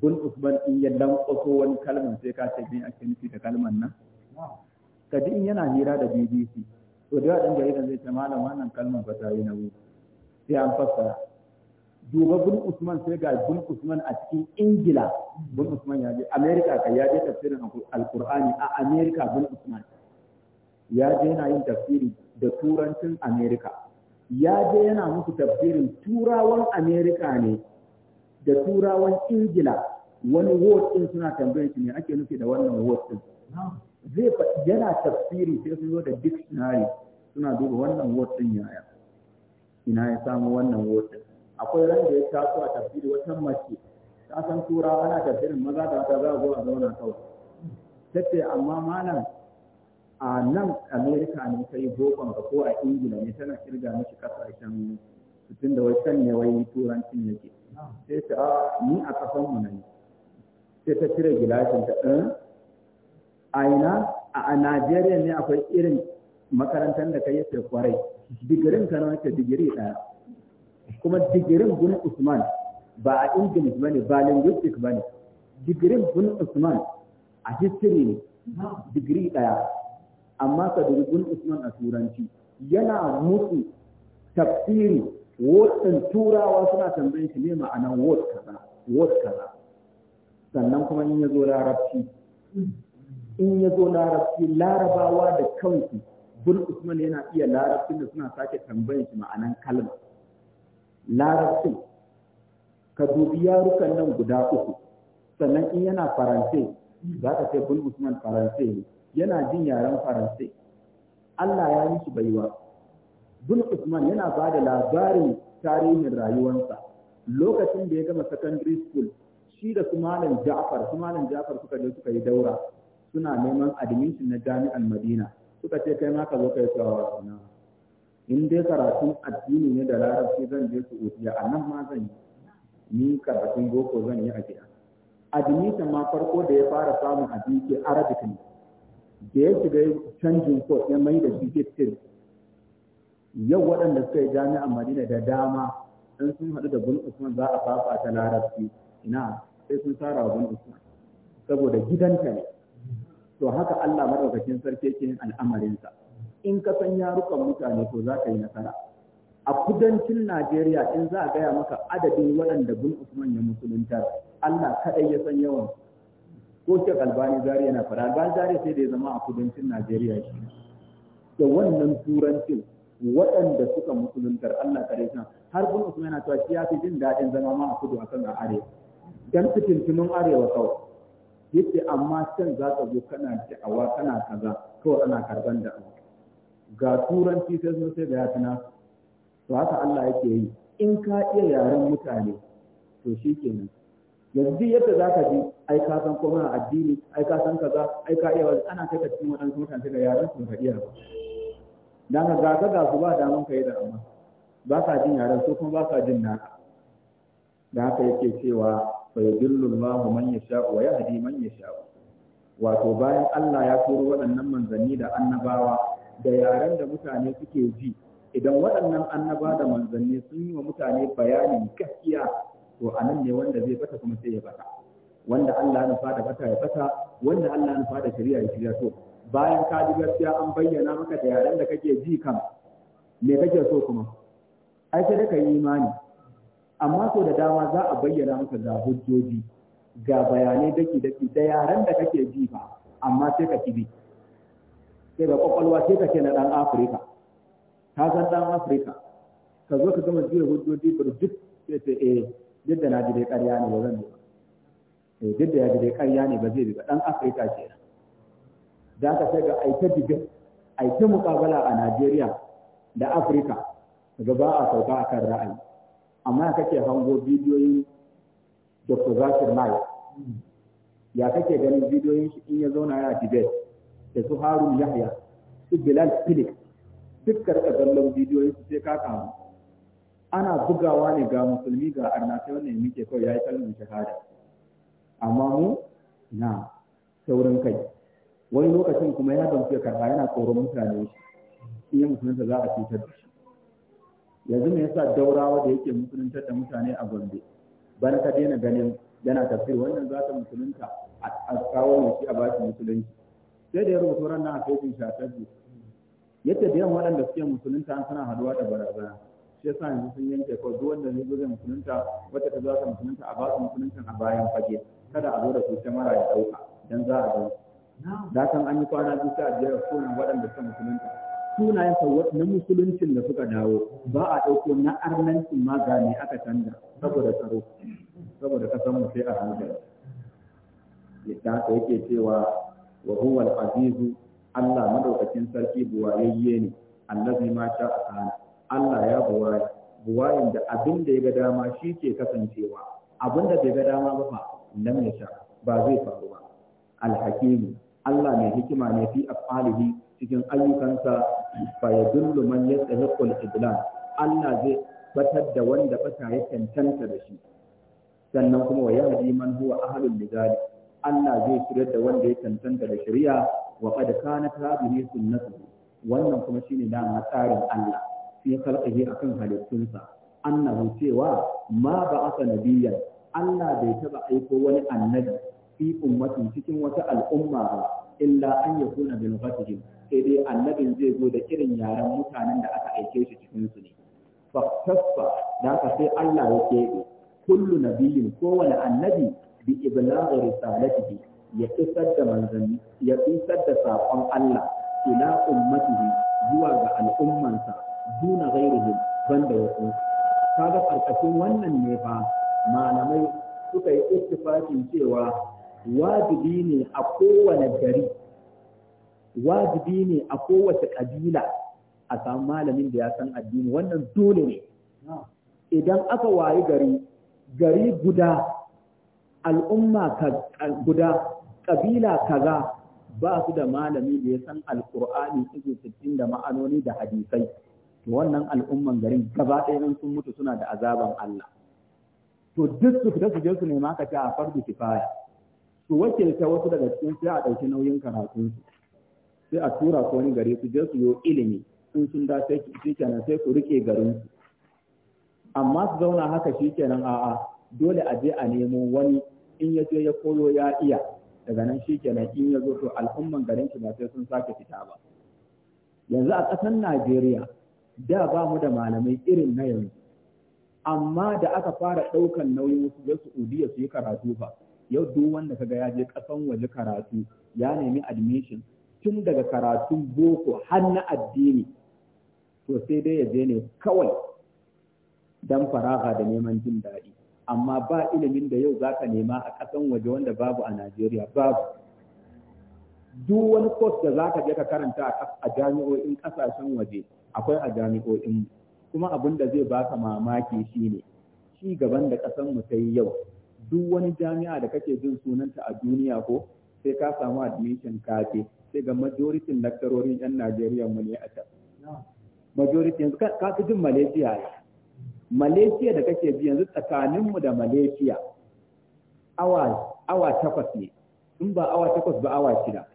Speaker 1: bin usman in ya lankwaso wani kalman sai ka ce bin ake nufi da kalman nan ka ji in yana hira da bbc to da yaɗin jaridan zai ce malam wannan kalman ba ta yi nauyi sai an fassara duba bin Usman sai ga bin Usman a cikin Ingila bin Usman ya je Amerika kai ya je tafsirin Alkur'ani a Amerika bin Usman ya je yana yin tafsiri da turancin Amerika ya je yana musu tafsirin turawan Amerika ne da turawan Ingila wani word din suna tambayar shi ne ake nufi da wannan word din zai yana tafsiri sai sun zo da dictionary suna duba wannan word din yaya ina ya samu wannan word din akwai ran da ya taso a tafsiri wata mace ta san tura ana tafsirin maza da mata za a zo a zauna kawai ta ce amma malam a nan amerika ne ta yi bokon ga ko a ingila ne tana kirga mishi kasashen tun da wacan ne wai turancin yake
Speaker 2: sai ta
Speaker 1: ni a kafan mu nan sai ta cire gilashin ta ɗin eh? a ina a najeriya ne akwai irin makarantar da ka yi kwarai digirin ka na digiri ɗaya kuma digirin gun Usman ba a English ba ne ba linguistic ba ne digirin gun Usman a history ne digiri ɗaya amma ka gun Usman a turanci yana musu tafsiri wotsin turawa suna tambayin shi ne ma'anan wot kaza wot kaza sannan kuma in ya zo larabci in ya zo larabci larabawa da kansu bin usman yana iya larabcin da suna sake tambayin shi ma'anan kalma larabcin ka dubi yarukan nan guda uku sannan in yana faransai za ka sai bulbus usman faransai ne yana jin yaren faransai Allah ya yi shi baiwa bul usman yana ba da labarin tarihin rayuwarsa lokacin da ya gama secondary school shi da su malam Ja'far su malam Ja'far suka je suka yi daura suna neman admission na jami'an Madina suka ce kai ma ka zo kai tsawa na in dai karatun addini ne da larabci zan je su a nan ma zan yi ni karatun boko zan yi a gida admission ma farko da ya fara samun abinci arabic ne da ya shiga canjin ko ya mai da shi yau waɗanda suka yi jami'an madina da dama in sun haɗu da bin usman za a fafa ta larabci ina sai sun tara wa bin usman saboda gidanta ne to haka allah maɗaukakin sarki yake yin al'amarinsa in ka san yarukan mutane to za ka yi nasara a kudancin Najeriya in za a gaya maka adadin waɗanda bin Usman ya musulunta Allah kaɗai ya san yawan ko Sheikh Albani Zari yana fara Albani Zari sai da ya zama a kudancin Najeriya shi da wannan turancin waɗanda suka musuluntar Allah kare san har bin Usman yana cewa shi ya fi jin daɗin zama ma a kudu akan kan arewa dan fitintunin arewa kawai yace amma can za ka zo kana da'awa kana kaza kawai ana da da'awa ga turanci sai sun sai ga ya tuna to haka Allah yake yi in ka iya yaren mutane to shi kenan yanzu yadda za ka ji ai ka san kuma addini ai ka san kaza ai ka iya wani ana kai ka cikin waɗansu mutane da yaren sun ka iya ba dan ka ga ga su ba damun ka yi da amma ba ka jin yaren su kuma ba ka jin naka da haka yake cewa fa yudillu Allahu man yasha wa yahdi man yasha wato bayan Allah ya turo waɗannan manzanni da annabawa da yaren da mutane suke ji idan waɗannan annaba da manzanni sun yi wa mutane bayanin gaskiya to a nan ne wanda zai bata kuma sai ya bata wanda Allah nufa da bata ya bata wanda Allah nufa da shari'a ya shirya to bayan ka ji gaskiya an bayyana maka da yaren da kake ji kan me kake so kuma ai sai ka yi imani amma so da dama za a bayyana maka ga hujjoji ga bayanai daki daki da yaren da kake ji fa amma sai ka kibi sai ga kwakwalwa sai ka ce na ɗan afirka ka san ɗan afirka ka zo ka gama jiya hujjoji ba duk sai ce eh duk da na ji dai ƙarya ne ba zan ba eh duk da ya ji dai ƙarya ne ba zai bi ba ɗan afirka ke da ka sai ga aita dibin aita muƙabala a najeriya da afirka ga ba a sauka a kan ra'ayi amma kake hango bidiyoyin dr zakir naik ya kake ganin bidiyoyin shi in ya zauna yana tibet da su harun yahya su bilal philip duk karɓa zallon bidiyoyin su sai ka ana bugawa ne ga musulmi ga arna sai wannan muke kawai ya yi kallon shahada amma mu na saurin kai wani lokacin kuma ya don ya karɓa yana tsoron mutane shi in musulunta za a cutar da shi yanzu me yasa daurawa da yake musuluntar da mutane a gombe bana ka daina ganin yana tafsir wannan za ta musulunta a kawo mai shi a bashi musulunci sai da ya rubuta ran a fejin shafi yadda da yawan waɗanda suke musulunta an suna haduwa da barazana shi yasa yanzu sun yanke ko duk wanda zai zo zai musulunta wata ta za musulunta a ba su musuluntan a bayan fage kada a zo da su ta mara ya ɗauka dan za a zo da kan an yi kwana biyu sai a jera sunan waɗanda suka musulunta sunayen na musuluncin da suka dawo ba a ɗauko na arnancin magani aka canza saboda tsaro saboda kasan mu sai a hankali da yake cewa wa huwa al-azizu Allah madaukakin sarki buwayayye ne allazi ma sha kana Allah ya buwaye buwayin da abin da ya ga dama shi ke kasancewa abin da bai ga dama ba fa lam ya sha ba zai faru ba al Allah mai hikima ne fi afalihi cikin ayyukansa fa yadullu man yastahiqu al-idlal Allah zai batar da wanda ta ya cancanta da shi sannan kuma wa yahdi man huwa ahlul lidalik Allah zai shiryar da wanda ya cancanta da shari'a wa qad kanat hadhihi sunnatuhu wannan kuma shine dama tsarin Allah sai kalkahi akan halittunsa annahu cewa ma ba'atha nabiyyan Allah bai taba aiko wani annabi fi ummatin cikin wata al'umma ba illa an yakuna bil ghatihim sai dai annabin zai zo da irin yaren mutanen da aka aike shi cikin su ne fa tasfa da ka sai Allah ya keɓe kullu nabiyyin kowane annabi bi iblaghi risalatihi ya isar da manzani ya isar da saƙon Allah ila ummatihi zuwa ga al'ummansa duna ghairihim banda wasu kaga karkashin wannan ne fa malamai suka yi ittifaqin cewa wajibi ne a kowane gari wajibi ne a kowace kabila malamin da ya san addini wannan dole ne idan aka wayi gari gari guda al'umma guda ƙabila kaza ba su da malami da ya san alƙur'ani izu sittin da ma'anoni da hadisai to wannan al'umman garin gaba ɗaya sun mutu suna da azaban Allah to duk su fita su je su nema ka ta a fardu kifaya su wakilta wasu daga cikin sai a ɗauki nauyin karatun su sai a tura su wani gari su je su yo ilimi sun sun da sai kenan sai su rike garin su amma su zauna haka shi kenan a'a dole a je a nemo wani in ya je ya koyo ya iya daga nan shi kenan in ya zo to al'umman garin shi ba sai sun sake fita ba yanzu a ƙasar Najeriya da ba mu da malamai irin na yanzu amma da aka fara ɗaukan nauyin wasu da Saudiya su yi karatu ba yau duk wanda kaga ya je ƙasan waje karatu ya nemi admission tun daga karatun boko har na addini to sai dai ya je ne kawai don faraha da neman jin daɗi amma ba ilimin da yau zaka nema a kasan waje wanda babu a Najeriya babu duk wani course da zaka je ka karanta a jami'o'in kasashen waje akwai a jami'o'in kuma abin da zai baka mamaki shine ci gaban da ƙasan mu ta yi yau duk wani jami'a da kake jin sunanta a duniya ko sai ka samu admission ce sai ga majoritin lakcarorin 'yan Najeriya mu ne a can. Majoritin, ka fi jin Malaysia Malaysia da kake bi yanzu tsakaninmu da Malaysia awa takwas ne in ba awa takwas ba awa shida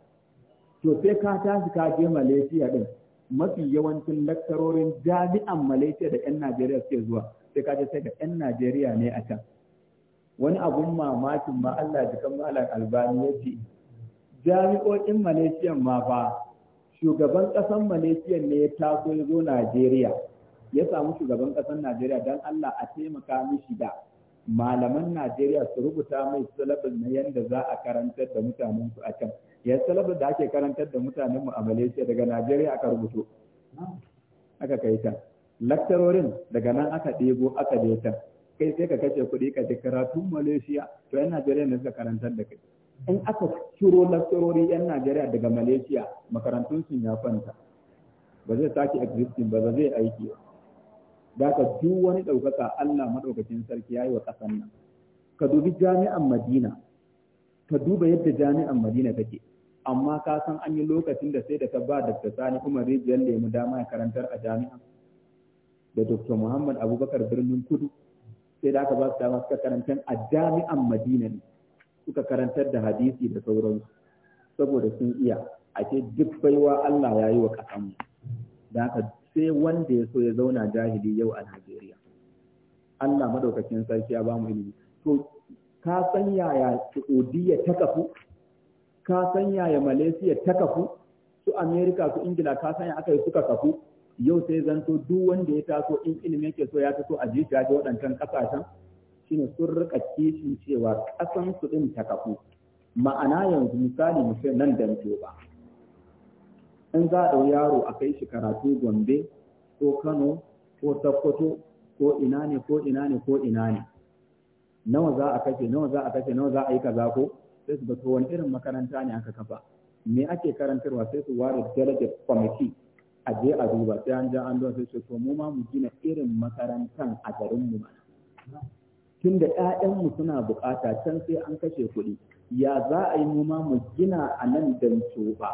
Speaker 1: to sai ka tashi ka je Malaysia din mafi yawancin laktarorin jami'an Malaysia da 'yan Najeriya suke zuwa sai ka je sai da 'yan Najeriya ne a can wani abun mamakin ma Allah jikan malam albani ya ce jami'o'in Malaysia ma fa shugaban ƙasar Malaysia ne ya taso ya zo Najeriya ya samu shugaban ƙasar Najeriya don Allah a taimaka mishi da malaman Najeriya su rubuta mai salabin na yadda za a karantar da mutanen su a can. Ya salabin da ake karantar da mutanen mu a Malaysia daga Najeriya aka rubuto. Aka kai ta. Laktarorin daga nan aka ɗebo aka je ta. Kai sai ka kashe kuɗi ka je karatun Malaysia to 'yan Najeriya ne suka karantar da kai. In aka ciro laktarori 'yan Najeriya daga Malaysia makarantun sun ya kwanta. Ba zai sake existing ba ba zai aiki ba. da ka duk wani ɗaukaka Allah maɗaukacin sarki ya yi wa ƙasan nan ka dubi jami'an madina ka duba yadda jami'an madina take amma ka san an yi lokacin da sai da ta ba Dr. Sani Umar Rijiyar Lemu dama ya karantar a jami'an da Dr. Muhammad Abubakar Birnin Kudu sai da aka ba su dama suka karantar a jami'an Madina ne suka karantar da hadisi da sauransu saboda sun iya a ce duk baiwa Allah ya yi wa mu. da sai wanda ya so ya zauna jahili yau a Najeriya Allah madaukakin sarki ya bamu ilimi to ka san yaya Saudiya ta kafu ka san yaya Malaysia ta kafu su Amerika su Ingila ka san yaya aka yi suka kafu yau sai zanto duk wanda ya taso in ilimi yake so ya taso a ji ta waɗancan ƙasashen shine sun rika kishin cewa ƙasan su ɗin ta kafu ma'ana yanzu misali mu nan da ba in za a ɗau yaro a kai shi karatu gombe ko kano ko sokoto ko ina ne ko ina ne ko ina ne nawa za a kashe nawa za a kashe nawa za a yi kaza ko sai su bato wani irin makaranta ne aka kafa me ake karantarwa sai su ware delegate committee a je a duba sai an ja an zo sai to mu ma mu gina irin makarantan a garin mu mana da ƴaƴanmu suna bukata can sai an kashe kuɗi ya za a yi mu ma mu gina a nan dan ba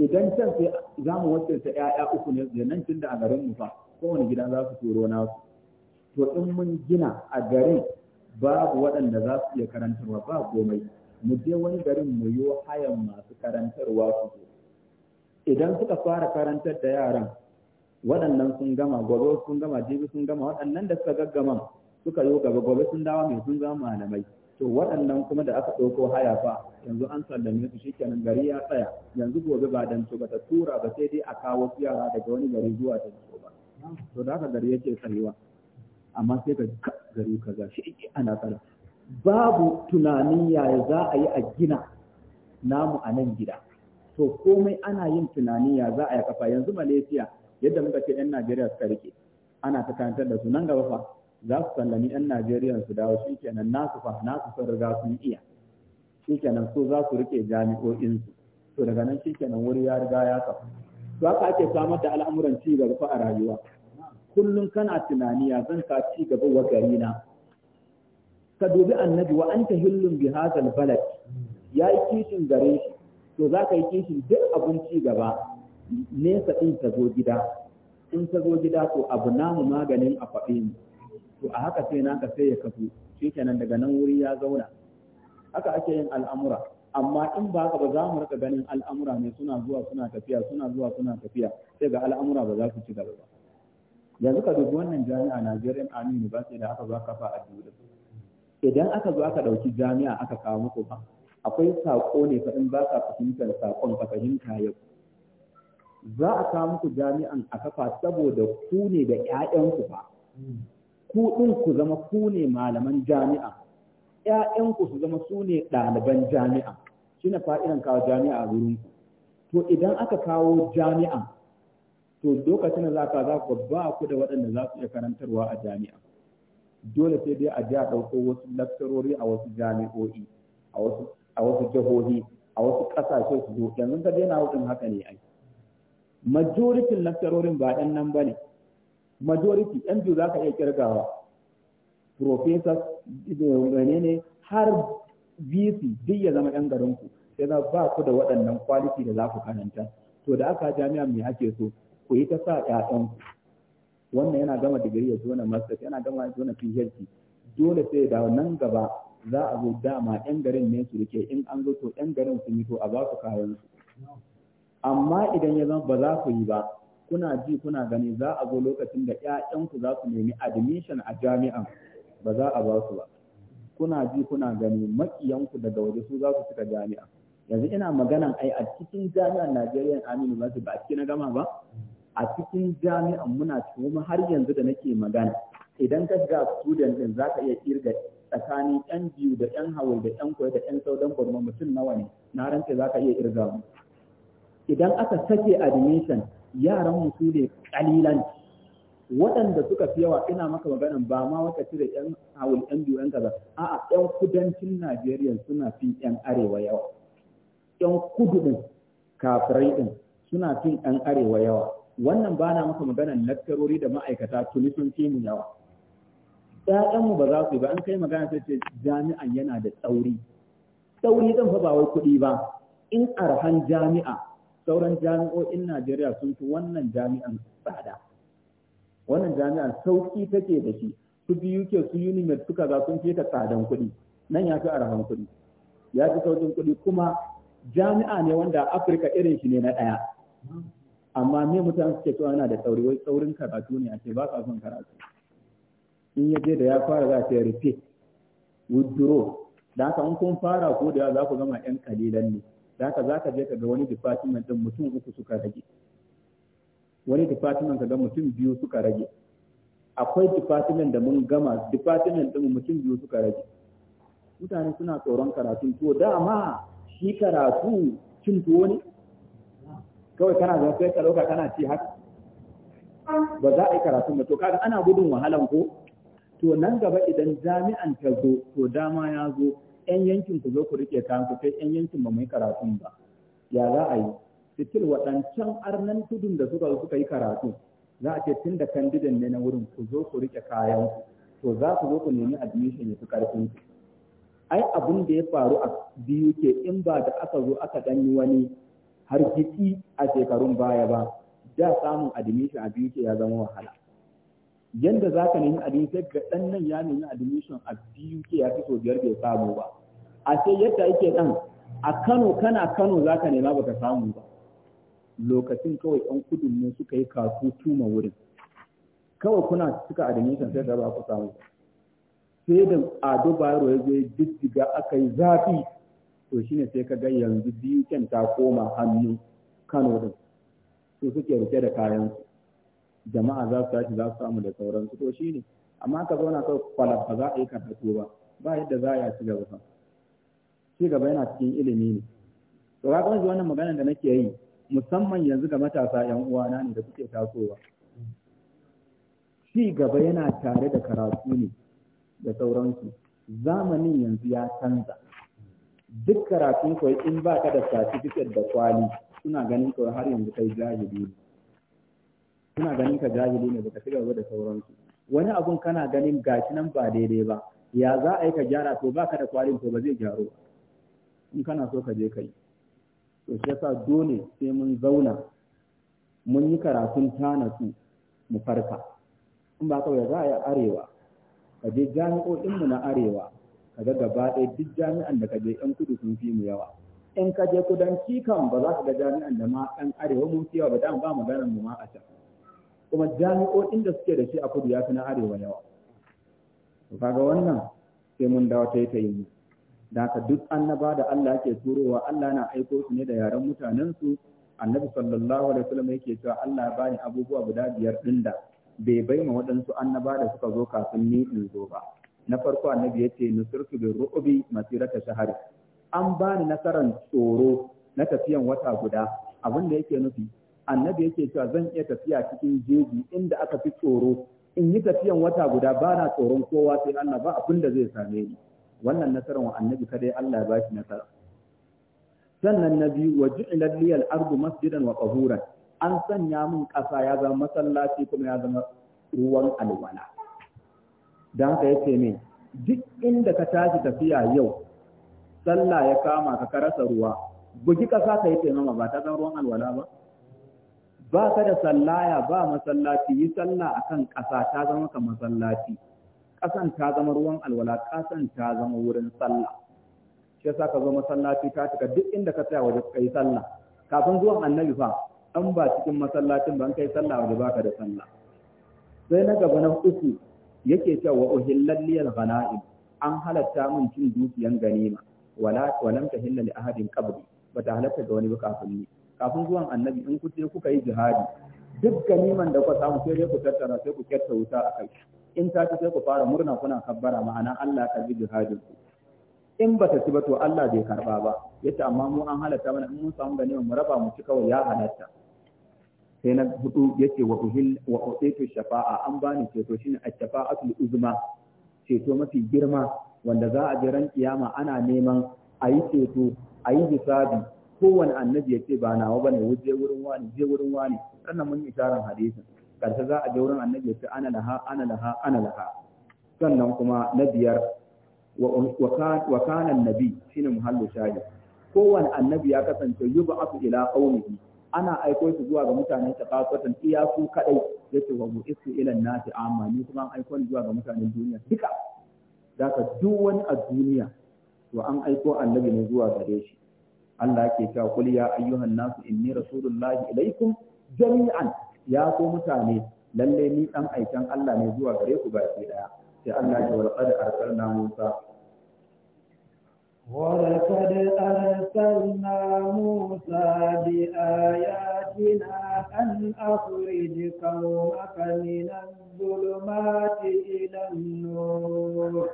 Speaker 1: idan can sai za mu wakilta ‘ya'ya uku ne da nan tun da a garin mu fa kowane gida za su turo nasu to in mun gina a garin babu waɗanda za su iya karantarwa ba komai mu je wani garin mu yi hayan masu karantarwa su zo idan suka fara karantar da yaran waɗannan sun gama gobe sun gama jibi sun gama waɗannan da suka gaggama suka yi gaba gobe sun dawo mai sun zama malamai to waɗannan kuma da aka ɗauko haya fa yanzu an sallame su kenan gari ya tsaya yanzu gobe ba dan ba ta tura ba sai dai a kawo su yara daga wani gari zuwa ta ba to da haka gari yake tsayewa amma sai ka gari kaza shi ake ana tsara babu tunanin yaya za a yi a gina namu a nan gida to komai ana yin tunani ya za a yi kafa yanzu malaysia yadda muka ce yan najeriya suka rike ana ta kantar da su nan gaba fa za su sallami 'yan Najeriya su dawo shi kenan nasu fa nasu sun riga sun iya shi kenan so za su rike su to daga nan shi kenan wuri ya riga ya kafa to haka ake samar da al'amuran ci gaba fa a rayuwa kullum kana tunani ya zan ka ci gaba wa gari na ka dubi annabi wa anta hillun bi hadal balad ya yi kishin gare shi to za ka yi kishin duk abun ci gaba nesa din ta zo gida in ta zo gida to abu namu maganin a faɗi mu to a haka sai naka sai ya kafu kenan daga nan wuri ya zauna haka ake yin al'amura amma in ba haka ba za mu rika ganin al'amura ne suna zuwa suna tafiya suna zuwa suna tafiya sai ga al'amura ba za su ci gaba ba
Speaker 2: yanzu ka dubi wannan
Speaker 1: jami'a Nigerian Army University da aka zo kafa a idan aka zo aka dauki jami'a aka kawo muku ba akwai sako ne fa in ba ka fahimtar sakon ka fahimta yau za a kawo muku jami'an a kafa saboda ku ne da 'ya'yanku fa ku ɗin ku zama ku ne malaman jami'a ‘ya'yanku su zama su ne ɗaliban jami'a shi na fa'idan kawo jami'a a wurinku to idan aka kawo jami'a to lokacin da za ka za ku ba ku da waɗanda za su iya karantarwa a jami'a dole sai dai a ji a ɗauko wasu lakcarori a wasu jami'o'i a wasu jihohi a wasu ƙasashe su zo yanzu ka daina hutun haka ne ai majoritin lakcarorin ba ɗan nan ba ne majority yan biyu za ka iya kirgawa professors menene har vc duk ya zama yan garin ku sai za ba ku da waɗannan quality da za ku karanta to da aka jami'a mai ake so ku yi ta sa ƴaƴan wannan yana gama digiri ya zo na yana gama ya zo na phd dole sai da nan gaba za a zo dama yan garin ne su rike in an zo to yan garin sun yi to a ba ku kayan su amma idan ya zama ba za ku yi ba kuna ji kuna gani za a zo lokacin da ƴaƴanku za su nemi admission a jami'an ba za a ba su ba kuna ji kuna gani makiyanku daga waje su za su cika jami'a yanzu ina maganan ai a cikin jami'an Najeriya Aminu university ba a cikin na gama ba a cikin jami'an muna cikin har yanzu da nake magana idan ka shiga student din za ka iya kirga tsakanin yan biyu da yan hawai da yan koyi da yan saudan gwamnati mutum nawa ne na rantse za ka iya kirga mu idan aka sake admission yaran mu su ne kalilan waɗanda suka fi yawa ina maka magana ba ma wata cire yan awul yan biyu yan kaza a'a yan kudancin Najeriya suna fi yan arewa yawa yan kudu din kafirai din suna fi yan arewa yawa wannan ba na maka maganan lakkarori da ma'aikata tuni yawa fi mu yawa ƴaƴanmu ba za su yi ba an kai magana sai ce jami'an yana da tsauri tsauri zan fa ba wai kuɗi ba in arhan jami'a sauran jami'o'in Najeriya sun fi wannan jami'an tsada wannan jami'an sauki take da shi su biyu ke su unimed suka ga sun ta tsadan kuɗi nan ya fi arahan kuɗi ya fi saukin kuɗi kuma jami'a ne wanda Afirka irin shi ne na ɗaya amma me mutane suke cewa yana da tsauri wai tsaurin karatu ne a ce ba sa son karatu in ya je da ya fara za ta yi repeat withdraw da haka in kun fara ko da za ku gama yan kalilan ne da haka ka je ka ga wani department din mutum uku suka rage wani department ka ga mutum biyu suka rage akwai department da mun gama department din mutum biyu suka rage mutane suna tsoron karatu to dama shi karatu cin tuwo ne kawai kana zama sai ka ɗauka kana ci haka ba za a yi karatu ba to kaga ana gudun wahalan ko to nan gaba idan jami'an ta zo to dama ya zo 'yan yankin ku zo ku rike kan ku sai 'yan yankin ba mu yi karatun ba ya za a yi fitil waɗancan arnan tudun da suka suka yi karatu za a ce tun da kandidan ne na wurin ku zo ku rike kayan ku to za ku zo ku nemi admission ya fi karfin ku ai abin da ya faru a biyu ke in ba da aka zo aka ɗan yi wani hargitsi a shekarun baya ba da samun admission a biyu ke ya zama wahala yanda za ka nemi admission ga ɗan nan ya nemi admission a biyu ke ya fi so biyar bai samu ba a ce yadda ake ɗan a Kano kana Kano za ka nema baka samu ba lokacin kawai ɗan kudin ne suka yi kasu tuma wurin kawai kuna suka admission sai ba ku samu ba sai da ado bayero ya zo ya jijjiga aka yi zafi to shine sai ka ga yanzu biyu kyan ta koma hannu Kano din su suke rike da kayan jama'a za su tashi za su samu da sauransu to ne. amma ka zauna kawai kwalabba za a yi karatu ba ba yadda za a yi a ci gaba ci gaba yana cikin ilimi ne to ka kuma wannan magana da nake yi musamman yanzu ga matasa yan uwana ne da kuke tasowa ci gaba yana tare da karatu ne da sauransu zamanin yanzu ya canza duk karatun koyi in ba ka da certificate da kwali suna ganin ka har yanzu kai jahili ne suna ganin ka jahili ne baka gaba da sauransu wani abun kana ganin gashi nan ba daidai ba ya za a yi ka gyara to baka da kwalin to ba zai gyaro. ba in kana so ka je kai to shi yasa dole sai mun zauna mun yi karatun tanatu mu farka in ba kawai za a yi arewa ka je jami'o'in mu na arewa ka ga gaba ɗaya duk jami'an da ka je ɗan kudu sun fi mu yawa in ka je kudanci kan ba za ka ga jami'an da ma ɗan arewa mun fi yawa ba dan ba maganar mu ma a can kuma jami'o'in da suke da shi a kudu ya fi na arewa yawa to kaga wannan sai mun dawo ta yi ta yi mu Daka duk annaba da Allah yake turowa Allah na aiko su ne da yaren mutanensu annabi sallallahu alaihi wasallam yake cewa Allah bani abubuwa guda biyar din da bai bai ma waɗansu annaba da suka zo kafin ni in zo ba na farko annabi yace ce nusurtu bi ru'ubi masirata shahari an bani ni nasaran tsoro na tafiyan wata guda abin da yake nufi annabi yake cewa zan iya tafiya cikin jeji inda aka fi tsoro in yi tafiyan wata guda ba na tsoron kowa sai Allah ba abin zai same ni wannan nasarar wa annabi kadai Allah ya bashi nasara sannan na biyu wa ju'ilal liyal ardu masjidan wa qahuran an sanya min ƙasa ya zama masallaci kuma ya zama ruwan alwala Dan haka yace min duk inda ka tashi tafiya yau sallah ya kama ka karasa ruwa bugi ƙasa ka yi taimama ba ta zama ruwan alwala ba ba ka da sallaya ba masallaci yi sallah akan ƙasa ta zama ka masallaci ƙasan ta zama ruwan alwala ƙasan ta zama wurin sallah shi yasa ka zo masallaci ta tuka duk inda ka tsaya waje kai sallah kafin zuwan annabi fa an ba cikin masallacin ban kai sallah waje baka da sallah sai na gaba na uku yake cewa uhillal liyal ghanaim an halatta min cin dukiyan ganima wala walam tahilla li ahadin qabli bata halatta ga wani ba kafin ni kafin zuwan annabi in kuce kuka yi jihadi duk ganiman da kuka samu sai dai ku tattara sai ku kyatta wuta a kai in ta ci sai ku fara murna kuna kabbara ma'ana Allah ka ji jihadin ku in ba ta ci ba to Allah bai karba ba yace amma mu an halatta mana in mun samu ganima mu raba mu ci kawai ya halatta sai na hudu yace wa uhil wa utitu shafa'a an bani ceto shine a shafaatul uzma ceto mafi girma wanda za a ji ran kiyama ana neman a yi ceto a yi hisabi kowane annabi ya ce ba nawa bane je wurin wani je wurin wani sannan mun yi isharar hadisin karshe za a je wurin annabi ya ce ana laha ana laha ana laha sannan kuma na biyar wa kana annabi shine muhallu shahi kowane annabi ya kasance yub'atu ila qaumihi ana aiko su zuwa ga mutanen ta kafatan iya su kadai yace wa bu'istu ila nasi amma ni kuma an aiko ni zuwa ga mutanen duniya duka zaka duk wani a duniya to an aiko annabi ne zuwa gare shi Allah yake cewa kul ya ayyuhan nasu inni rasulullahi ilaikum jami'an ya ko mutane lalle ni dan aikan Allah ne zuwa gare ku gaske daya sai Allah ya wal qad arsalna Musa
Speaker 2: wal qad arsalna Musa bi ayatina an akhrij qawmaka min adh-dhulumati ila an-nur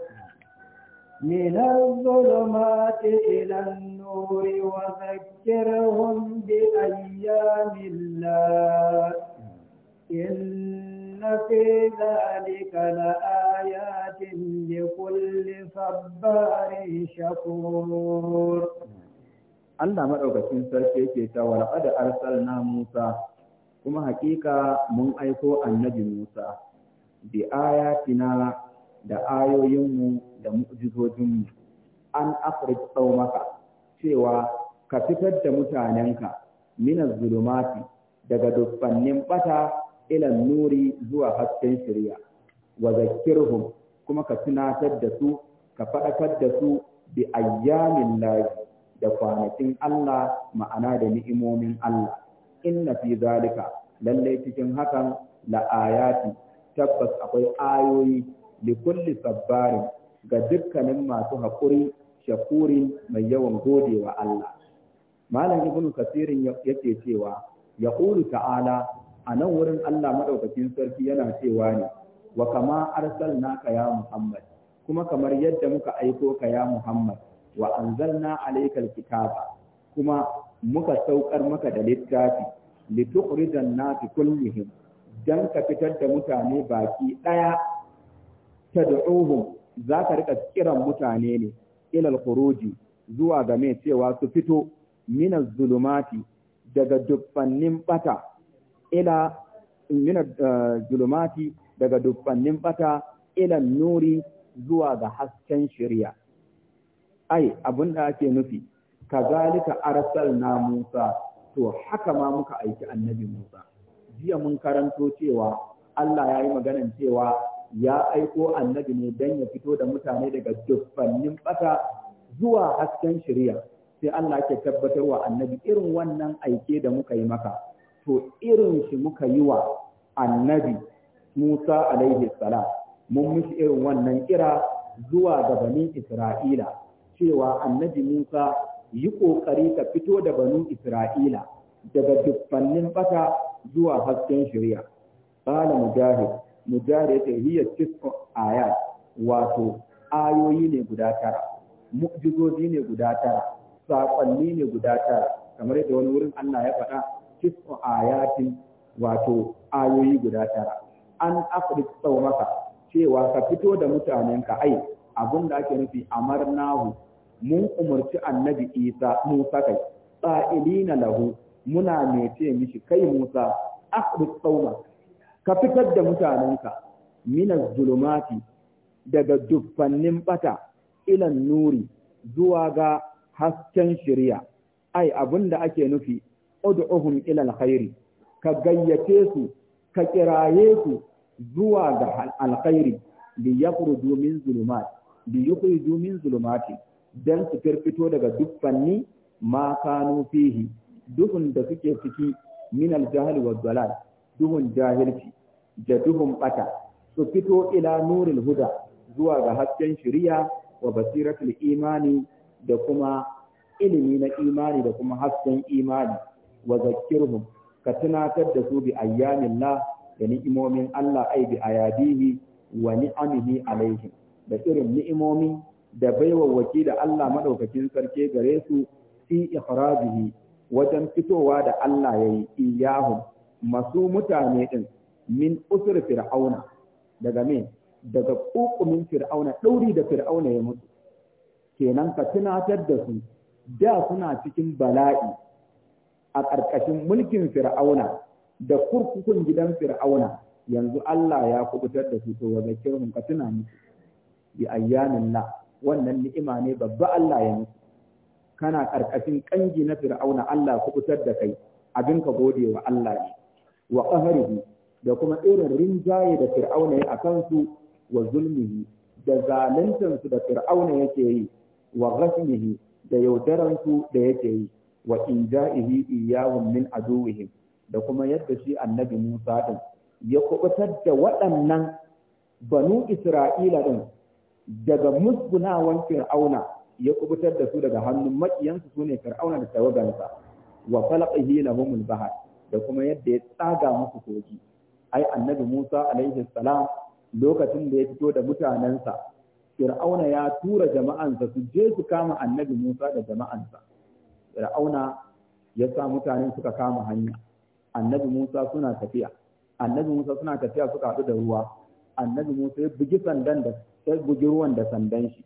Speaker 2: من الظلمات إلى النور وذكرهم بأيام الله إن في ذلك لآيات لكل صبار
Speaker 1: شكور Allah maɗaukacin sarki yake ta walƙada arsalna Musa kuma haƙiƙa mun aiko annabi Musa bi ayatina da ayoyinmu da mu'jizojinmu an afrij maka cewa ka fitar da mutanenka minas zulumati daga dubbannin bata ila nuri zuwa hasken shari'a wa zakirhum kuma ka tunatar da su ka faɗakar da su bi ayyamin lahi da kwanakin Allah ma'ana da ni'imomin Allah inna fi zalika lallai cikin hakan la ayati tabbas akwai ayoyi li kulli sabbarin ga dukkanin masu haƙuri shakurin mai yawan godewa Allah malam ibnu kasirin yake cewa yaqulu ta'ala a nan wurin Allah madaukakin sarki yana cewa ne wa kama ka ya Muhammad kuma kamar yadda muka aiko ka ya Muhammad wa anzalna alaikal kitaba kuma muka saukar maka da littafi litukhrijan nasi kullihim dan ka fitar da mutane baki daya tad'uhum za ka rika kiran mutane ne ilal kuruji. zuwa game cewa su fito Minas zulumati daga dubbannin bata ila minar julumati eh, daga dubbannin bata ila nuri zuwa ga hasken shirya. Ai, abin da ake nufi, Kazalika zalika arsal na Musa, to haka ma muka aiki annabi Musa. Jiya mun karanto cewa Allah ya yi maganan cewa ya aiko annabi ne don ya fito da mutane daga dubbannin bata zuwa hasken shirya. Sai Allah ke tabbatarwa annabi irin wannan aike da muka yi maka. to irin shi muka yi wa annabi Musa alaihi salam mun mishi irin wannan kira zuwa ga bani Isra'ila cewa annabi Musa yi kokari ka fito da banin Isra'ila daga dubbannin bata zuwa hasken shari'a qala mujahid mujahid hiya tis'u ayat wato ayoyi ne guda tara mu'jizozi ne guda tara saƙonni ne guda tara kamar yadda wani wurin Allah ya faɗa tis'u ayatin wato ayoyi guda tara an afrik maka cewa ka fito da mutanenka ai abin da ake nufi nahu mun umarci annabi isa musa kai tsa'ilina lahu muna mece mishi kai musa afrid tsauma ka fitar da mutanenka minas zulumati daga dubbannin bata ilan nuri zuwa ga hasken shirya ai abin da ake nufi ud'uhum ila alkhairi ka gayyace su ka kiraye su zuwa ga alkhairi li yakhruju min zulumat li yukhriju min zulumati dan su firfito daga dukkanni ma kanu fihi duhun da suke ciki min aljahl wa dalal duhun jahilci da duhun bata su fito ila nuril huda zuwa ga hasken shari'a wa basiratul imani da kuma ilimi na imani da kuma hasken imani wa zakkirhum ka tunatar da su bi ayyamillah da ni'imomin Allah ai bi ayadihi wa ni'amihi alaihim da irin ni'imomi da baiwawwaki da Allah madaukakin sarki gare su fi ikhrajihi wajen fitowa da Allah yayi iyahum masu mutane din min usur fir'auna daga me daga kokumin fir'auna dauri da fir'auna ya mutu kenan ka tunatar da su da suna cikin bala'i a ƙarƙashin mulkin fir'auna da kurkukun gidan fir'auna yanzu Allah ya kubutar da su to wa zakirhum ka musu bi ayyamin la wannan ni'ima ne babba Allah ya musu kana ƙarƙashin kanji na fir'auna Allah kubutar da kai abin ka gode wa Allah ne wa qahrihi da kuma irin rinjaye da fir'auna ya akan su wa zulmihi da zalantansu da fir'auna yake yi wa ghasmihi da yaudaransu da yake yi wa inja'ihi iyahum min aduwihim da kuma yadda shi annabi Musa din ya kubutar da waɗannan banu Isra'ila din daga musgunawan Fir'auna ya kubutar da su daga hannun makiyansu sune Fir'auna da tawagansa wa falqihi lahumul bahar da kuma yadda ya tsaga musu koki ai annabi Musa alaihi salam lokacin da ya fito da mutanensa Fir'auna ya tura jama'ansa su je su kama annabi Musa da jama'ansa fir'auna ya sa mutanen suka kama hanya annabi Musa suna tafiya annabi Musa suna tafiya suka haɗu da ruwa annabi Musa ya bugi sandan da ya bugi ruwan da sandan shi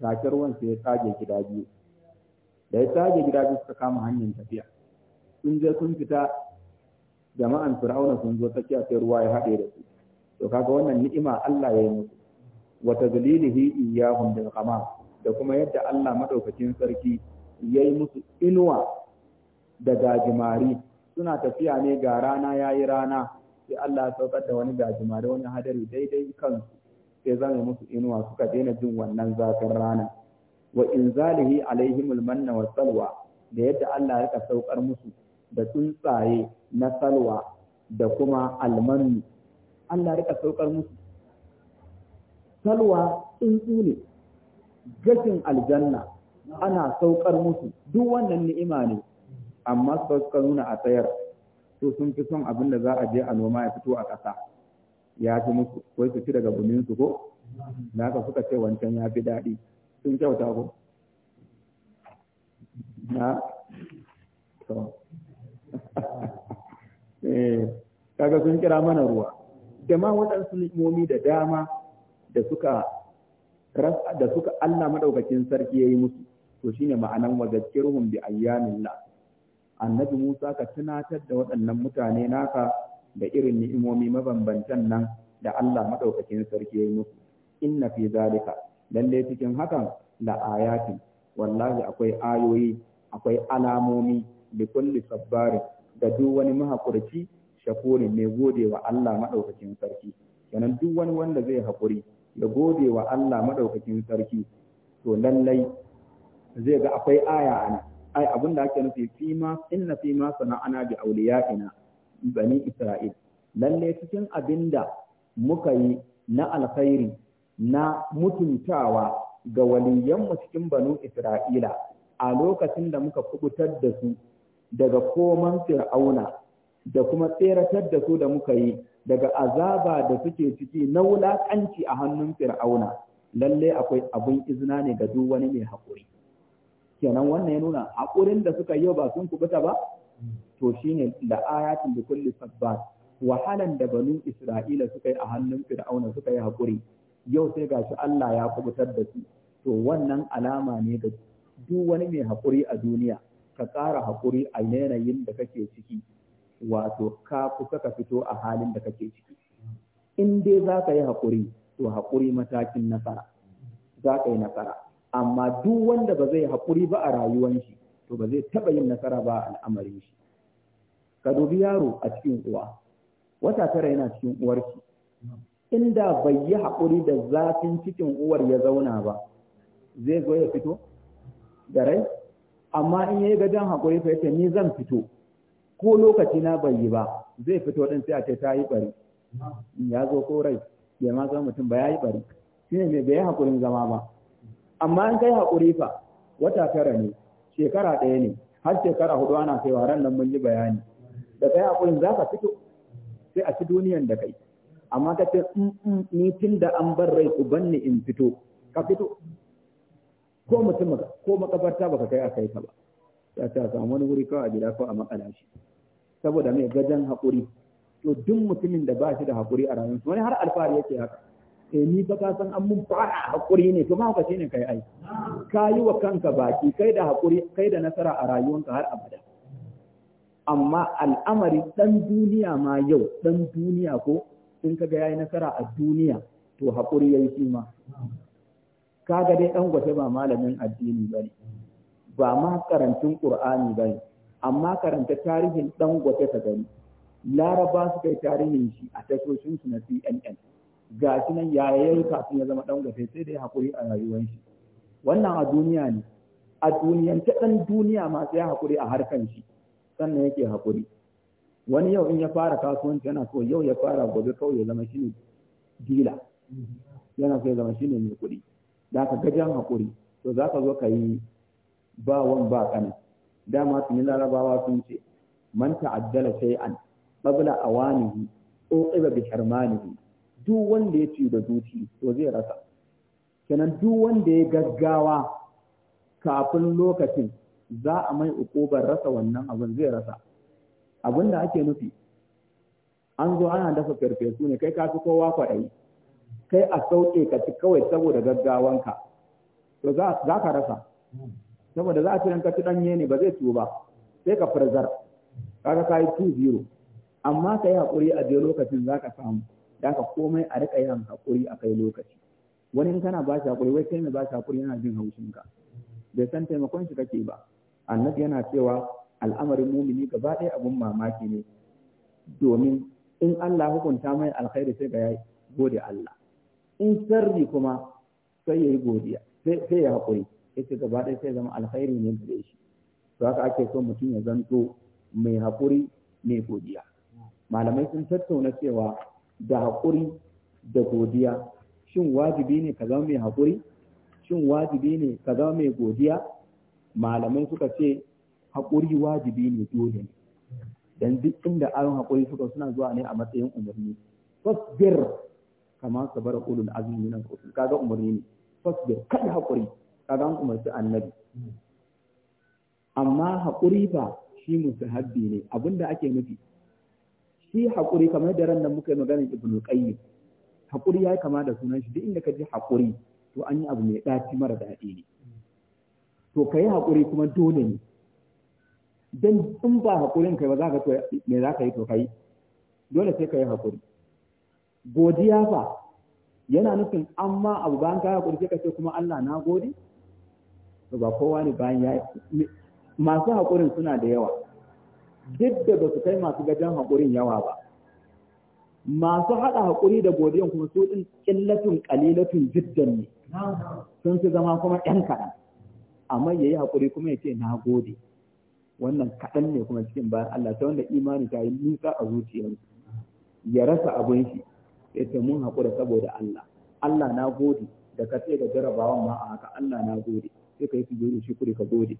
Speaker 1: take ruwan sai ya tsage gida biyu da ya tsage gida biyu suka kama hanyar tafiya sun je sun fita jama'an fir'auna sun zo tsakiya sai ruwa ya haɗe da su to kaga wannan ni'ima Allah ya yi musu wata tazlilihi iyyahum bil qamam da kuma yadda Allah madaukakin sarki ya musu inuwa da gajimari suna tafiya ne ga rana ya yi rana sai Allah ya saukar da wani gajimari wani hadari daidai kan sai zama musu inuwa suka daina jin wannan zafin rana wa in zalihi alaihimul manna wa salwa da yadda Allah ya saukar musu da tsuntsaye na salwa da kuma almanni Allah ya saukar musu salwa tsuntsu ne gashin aljanna ana saukar musu duk wannan ni'ima ne amma su suka nuna a tsayar to sun fi son abin da za a je a noma ya fito a ƙasa ya fi musu ko su ci daga su ko da haka suka ce wancan ya fi daɗi sun kyauta ko na to *laughs* eh, kaga sun kira mana ruwa da ma waɗansu ni'imomi da dama da suka da suka Allah madaukakin sarki ya yi musu to shine ma'anan wa zakirhum bi ayyamillah annabi Musa ka tunatar da waɗannan mutane naka da irin ni'imomi mabambantan nan da Allah madaukakin sarki ya yi musu inna fi zalika lalle cikin hakan la ayatin wallahi akwai ayoyi akwai alamomi da kulli sabbari da duk wani mahakurci shakuri mai gode wa Allah madaukakin sarki kenan duk wani wanda zai hakuri da gode wa Allah madaukakin sarki to lallai zai ga akwai aya ana ai abin da ake nufi fi ma inna fi ma ana bi auliya'ina bani isra'il lalle cikin abinda muka yi na alkhairi na mutuntawa ga waliyanmu cikin banu isra'ila a lokacin da muka kubutar da su daga koman fir'auna da kuma tseratar da su da muka yi daga azaba da suke ciki na wulaƙanci a hannun fir'auna lalle akwai abin izina ne ga duk wani mai haƙuri kenan wannan ya nuna haƙurin da suka yi ba sun kubuta ba to shine da ayatin da kulli sabbat wahalan da banu isra'ila suka yi a hannun fir'auna suka yi hakuri. yau sai ga shi Allah ya kubutar da su to wannan alama ne ga duk wani mai haƙuri a duniya ka ƙara haƙuri a yanayin da kake ciki wato ka kusa ka fito a halin da kake ciki in dai za ka yi haƙuri to haƙuri matakin nasara za ka yi nasara amma duk wanda ba zai hakuri ba a rayuwan to ba zai taɓa yin nasara ba a al'amarin shi ka dubi yaro a cikin uwa wata tara yana cikin uwarki inda bai yi hakuri da zafin cikin uwar ya zauna ba zai zo ya fito da rai amma in yayi gajan haƙuri fa yace ni zan fito ko lokaci na bai yi ba zai fito din sai a ce ta yi bari ya zo ko ya ma zama mutum ba ya yi bari shine mai bai haƙurin zama ba amma an kai haƙuri fa wata tara ne shekara ɗaya ne har shekara hudu ana kaiwa ran nan mun yi bayani da kai haƙurin za ka fito sai a ci duniyan da kai amma ka ce mm, mm, ni tun da an bar rai ku banni in fito ka fito ko mutum ko makabarta baka kai a kai ka ba ya ta samu wani wuri kawai a gida ko a makala shi saboda mai gajan haƙuri to duk mutumin da ba shi da haƙuri a rayuwarsa wani har alfahari yake haka E ni fa ka san an mun fara hakuri ne to ma ka ne kai ai ka yi wa kanka baki kai da hakuri kai da nasara a rayuwanka har abada amma al'amari dan duniya ma yau dan duniya ko in ga yayi nasara a duniya to hakuri yayi shi ma ga dai dan gwaje ba malamin addini bane ba ma karantun qur'ani bane amma karanta tarihin dan gwaje ka gani laraba su kai tarihin shi a tashoshinsu na CNN ga shi nan yaya yayi kafin ya zama ɗan gafe sai dai hakuri a rayuwar shi wannan a duniya ne a duniyan ta dan duniya ma sai hakuri a harkan shi sannan yake hakuri wani yau in ya fara kasuwanci yana so yau ya fara gobe kawai ya zama shine dila yana so ya zama shine mai kuɗi da ka gajan hakuri to za ka zo ka yi ba wan ba kana dama sun yi larabawa sun ce man ta'addala shay'an qabla awanihi uqiba bi harmanihi duk wanda ya ci da zuci to zai rasa kenan duk wanda ya gaggawa kafin lokacin za a mai ukubar rasa wannan abin zai rasa abin da ake nufi an zo ana dafa farfesu ne kai ka fi kowa kwaɗayi kai a sauke ka ci kawai saboda gaggawanka to za ka rasa saboda za a ci ka ci ɗanye ne ba zai ciwo ba sai ka farzar kaga ka yi 2-0 amma ka yi haƙuri a je lokacin za ka samu haka komai a rika yin hakuri a kai lokaci wani in kana ba shi hakuri wai kai mai ba shi hakuri yana jin haushin ka bai san taimakon shi kake ba annabi yana cewa al'amarin mumini gaba ɗaya abun mamaki ne domin in Allah hukunta mai alkhairi sai ga yayi gode Allah in sirri kuma sai yayi godiya sai ya hakuri yace gaba ɗaya sai zama alkhairi ne gare shi to haka ake so mutum ya zanto mai hakuri mai godiya malamai sun tattauna cewa da haƙuri da godiya shin wajibi ne ka zama mai haƙuri shin wajibi ne ka zama mai godiya malamai suka ce haƙuri wajibi ne dole dan duk inda ayon haƙuri suka suna zuwa ne a matsayin umarni fasbir kama sabara ulul azmi min al-rusul kaga umarni ne fasbir kada haƙuri kaga an umarci annabi amma haƙuri ba shi musahabbi ne abinda ake nufi shi haƙuri kamar yadda ran nan muka yi maganar ibnu qayyim haƙuri yayi kama da sunan shi duk inda ka ji haƙuri to an yi abu mai ɗaci mara daɗi ne to ka haƙuri kuma dole ne don in ba haƙurin kai ba za ka to me za ka yi to kai dole sai ka haƙuri godiya fa yana nufin amma abu bayan ka haƙuri sai ka ce kuma Allah na gode to ba kowa ne bayan ya masu haƙurin suna da yawa duk da ba su kai masu gajen haƙurin yawa ba masu haɗa haƙuri da godiyan kuma su ɗin ƙillatun ƙalilatun jiddan ne sun su zama kuma ɗan kaɗan amma ya yi haƙuri kuma ya ce na gode wannan kaɗan ne kuma cikin bayan Allah ta wanda imani ta yi nisa a zuciyarsu ya rasa abin shi ya ce mun haƙura saboda Allah Allah na gode da ka ce da jarabawan ma a haka Allah na gode sai ka yi su shi kuri ka gode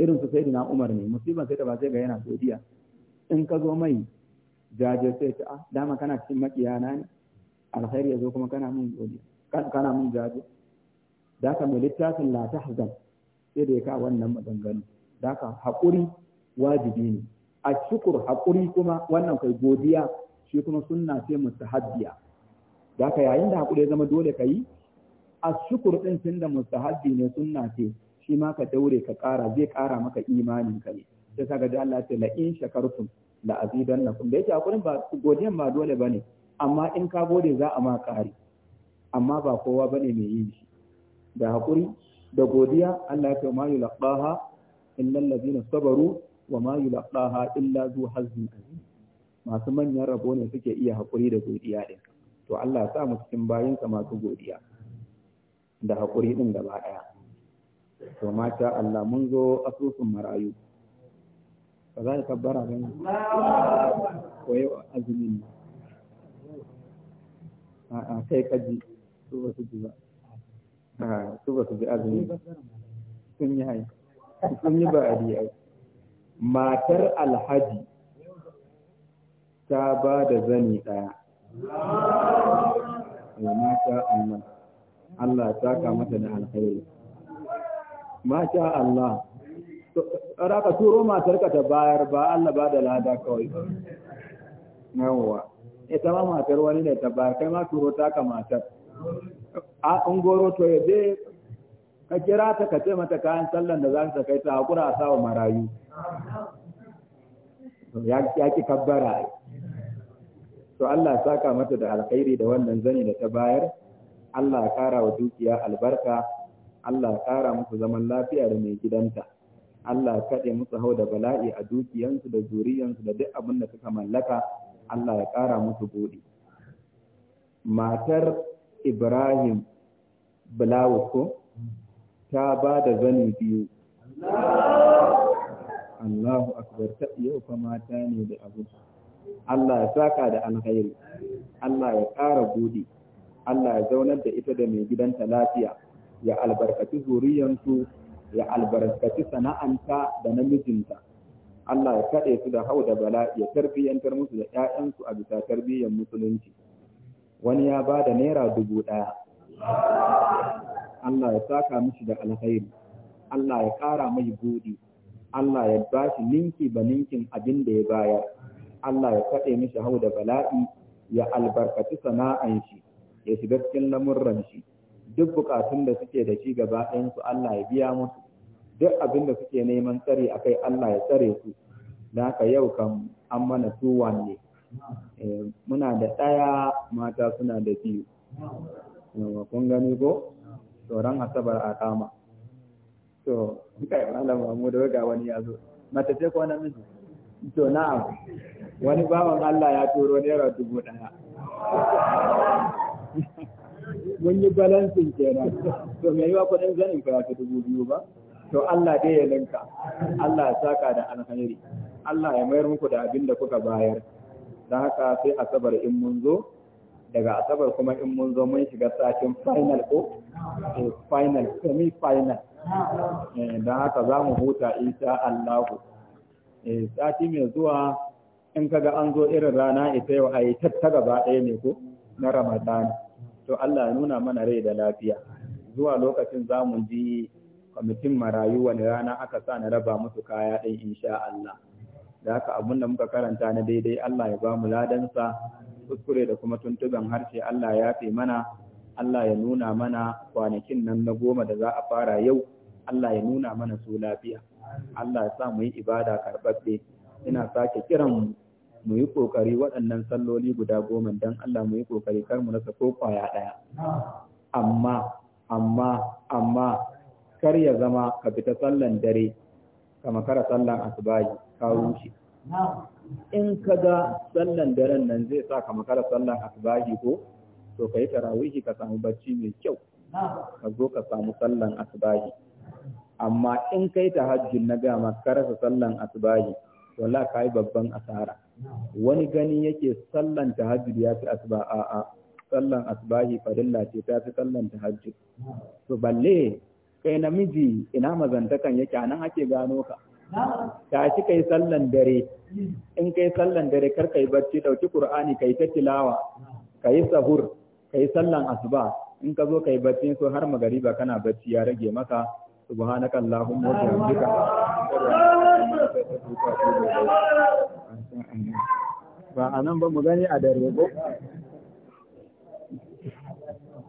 Speaker 1: irin su sai na Umar ne musibar sai da ba sai ga yana godiya in ka zo mai jaje sai ta ah, dama kana cikin na ne alkhairi ya zo kuma kana mun godiya kana mun jaje da ka mai littafin la tahzan sai da ya ka wannan maganganu da ka haƙuri wajibi ne a shukur haƙuri kuma wannan kai godiya shi kuma sunna ce mustahabbiya da ka yayin da haƙuri ya zama dole ka yi a shukur ɗin sun da mustahabbi ne sunna ce shi ma ka daure ka ƙara zai ƙara maka imanin ka ne sai saka ji Allah ce la in shakartum la lakum da yake hakurin ba godiyan ba dole bane amma in ka gode za a ma ƙari amma ba kowa bane mai yin shi da hakuri da godiya Allah ya ce ma yulqaha illa allazina sabaru wa ma yulqaha illa zu hazzin azim masu manyan rabo ne suke iya hakuri da godiya din to Allah ya sa mu cikin bayinsa masu godiya da hakuri din gaba daya to mata Allah mun zo asusun marayu ba za ka kabbara ba ko yau azumin ne a kai kaji su ba su ji ba su ba su ji azumi sun yi hai sun yi ba ai matar alhaji ta ba da zani ɗaya ya eh, mata Allah Allah ta mata da alkhairi masha Allah ra ka turo matarka ta bayar ba Allah ba da lada kawai ba yawwa ita ma matar wani ne ta bayar kai ma turo ta ka matar a ungoro to ya je ka kira ta ka ce mata kayan sallan da za ta kai ta hakura a sawa marayu ya ki kabbara to Allah saka mata da alkhairi da wannan zani da ta bayar Allah ya kara wa dukiya albarka Allah ƙara musu zaman lafiya da mai gidanta Allah kaɗe musu hau da bala'i a dukiyansu da zuriyansu da duk abin da suka mallaka Allah ya ƙara musu buɗi matar Ibrahim Bulawusko ta ba da zani biyu Allahu akbar ta yau fa mata ne da abu Allah ya saka da alkhairi Allah ya ƙara buɗi Allah ya zaunar da ita da mai gidanta lafiya ya albarkaci zuriyansu ya albarkaci sana'anta da namijinta Allah ya kaɗe su da hau da bala ya tarbiyyantar musu da ‘ya'yansu a bisa tarbiyyar musulunci wani ya ba da naira dubu ɗaya Allah ya saka mishi da alkhairi Allah ya ƙara mai gudi Allah ya ba shi ninki ba ninkin abin da ya bayar Allah ya kaɗe mishi hau da bala'i ya albarkaci sana'an shi ya shiga cikin lamurran shi duk bukatun da suke da shi gaba ɗayan su Allah ya biya musu duk abin da suke neman tsare akai Allah ya tsare su da haka yau kan an mana su ne eh, muna da ɗaya mata suna da biyu kun gani ko tsoron asabar a kama to kai malama mu da ga wani ya zo mata ce ko namiji to na'am wani bawan Allah ya turo naira dubu ɗaya mun yi balansin kenan to me yiwa kudin zanin fa ya dubu biyu ba to Allah dai ya linka Allah ya saka da alkhairi Allah ya mayar muku da abin da kuka bayar don haka sai asabar in mun zo daga asabar kuma in mun zo mun shiga satin final ko eh, final semi final eh, don haka za mu huta insha Allahu eh, sati mai zuwa in kaga an zo irin rana ita yau a yi ta gaba ɗaya ne ko na Ramadan to Allah ya nuna mana rai da lafiya zuwa lokacin za ji kwamitin marayu wani rana aka sa na raba musu kaya ɗin insha Allah da haka abun da muka karanta na daidai Allah ya ba mu ladansa kuskure da kuma tuntuban harshe Allah ya fi mana Allah ya nuna mana kwanakin nan na goma da za a fara yau Allah ya nuna mana su lafiya Allah ya sa mu yi ibada karɓaɓɓe ina sake kiran mu mu yi ƙoƙari waɗannan salloli guda goma don Allah mu yi ƙoƙari kar mu rasa ko ƙwaya ɗaya. Amma, amma, amma, kar ya zama ka fita sallan dare, ka makara sallan asubahi, ka rushe. In ka ga sallan daren nan zai sa ka makara sallan asubahi ko, to ka yi tarawihi ka samu bacci mai kyau, ka zo ka samu sallan asubahi. Amma in kai tahajjin na gama ka rasa sallan asubahi, to ka yi babban asara. wani gani yake sallan tahajjud ya fi asuba a'a sallan asbahi farilla ce ta fi sallan tahajjud to balle kai namiji ina mazantakan yake anan ake gano ka tashi kai sallan dare in kai sallan dare kar kai barci dauki qur'ani kai ta tilawa kai sahur kai sallan asuba in ka zo kai barci so har magariba kana barci ya rage maka subhanakallahumma wa bihamdika
Speaker 2: ba a nan ba mu gani a dare ko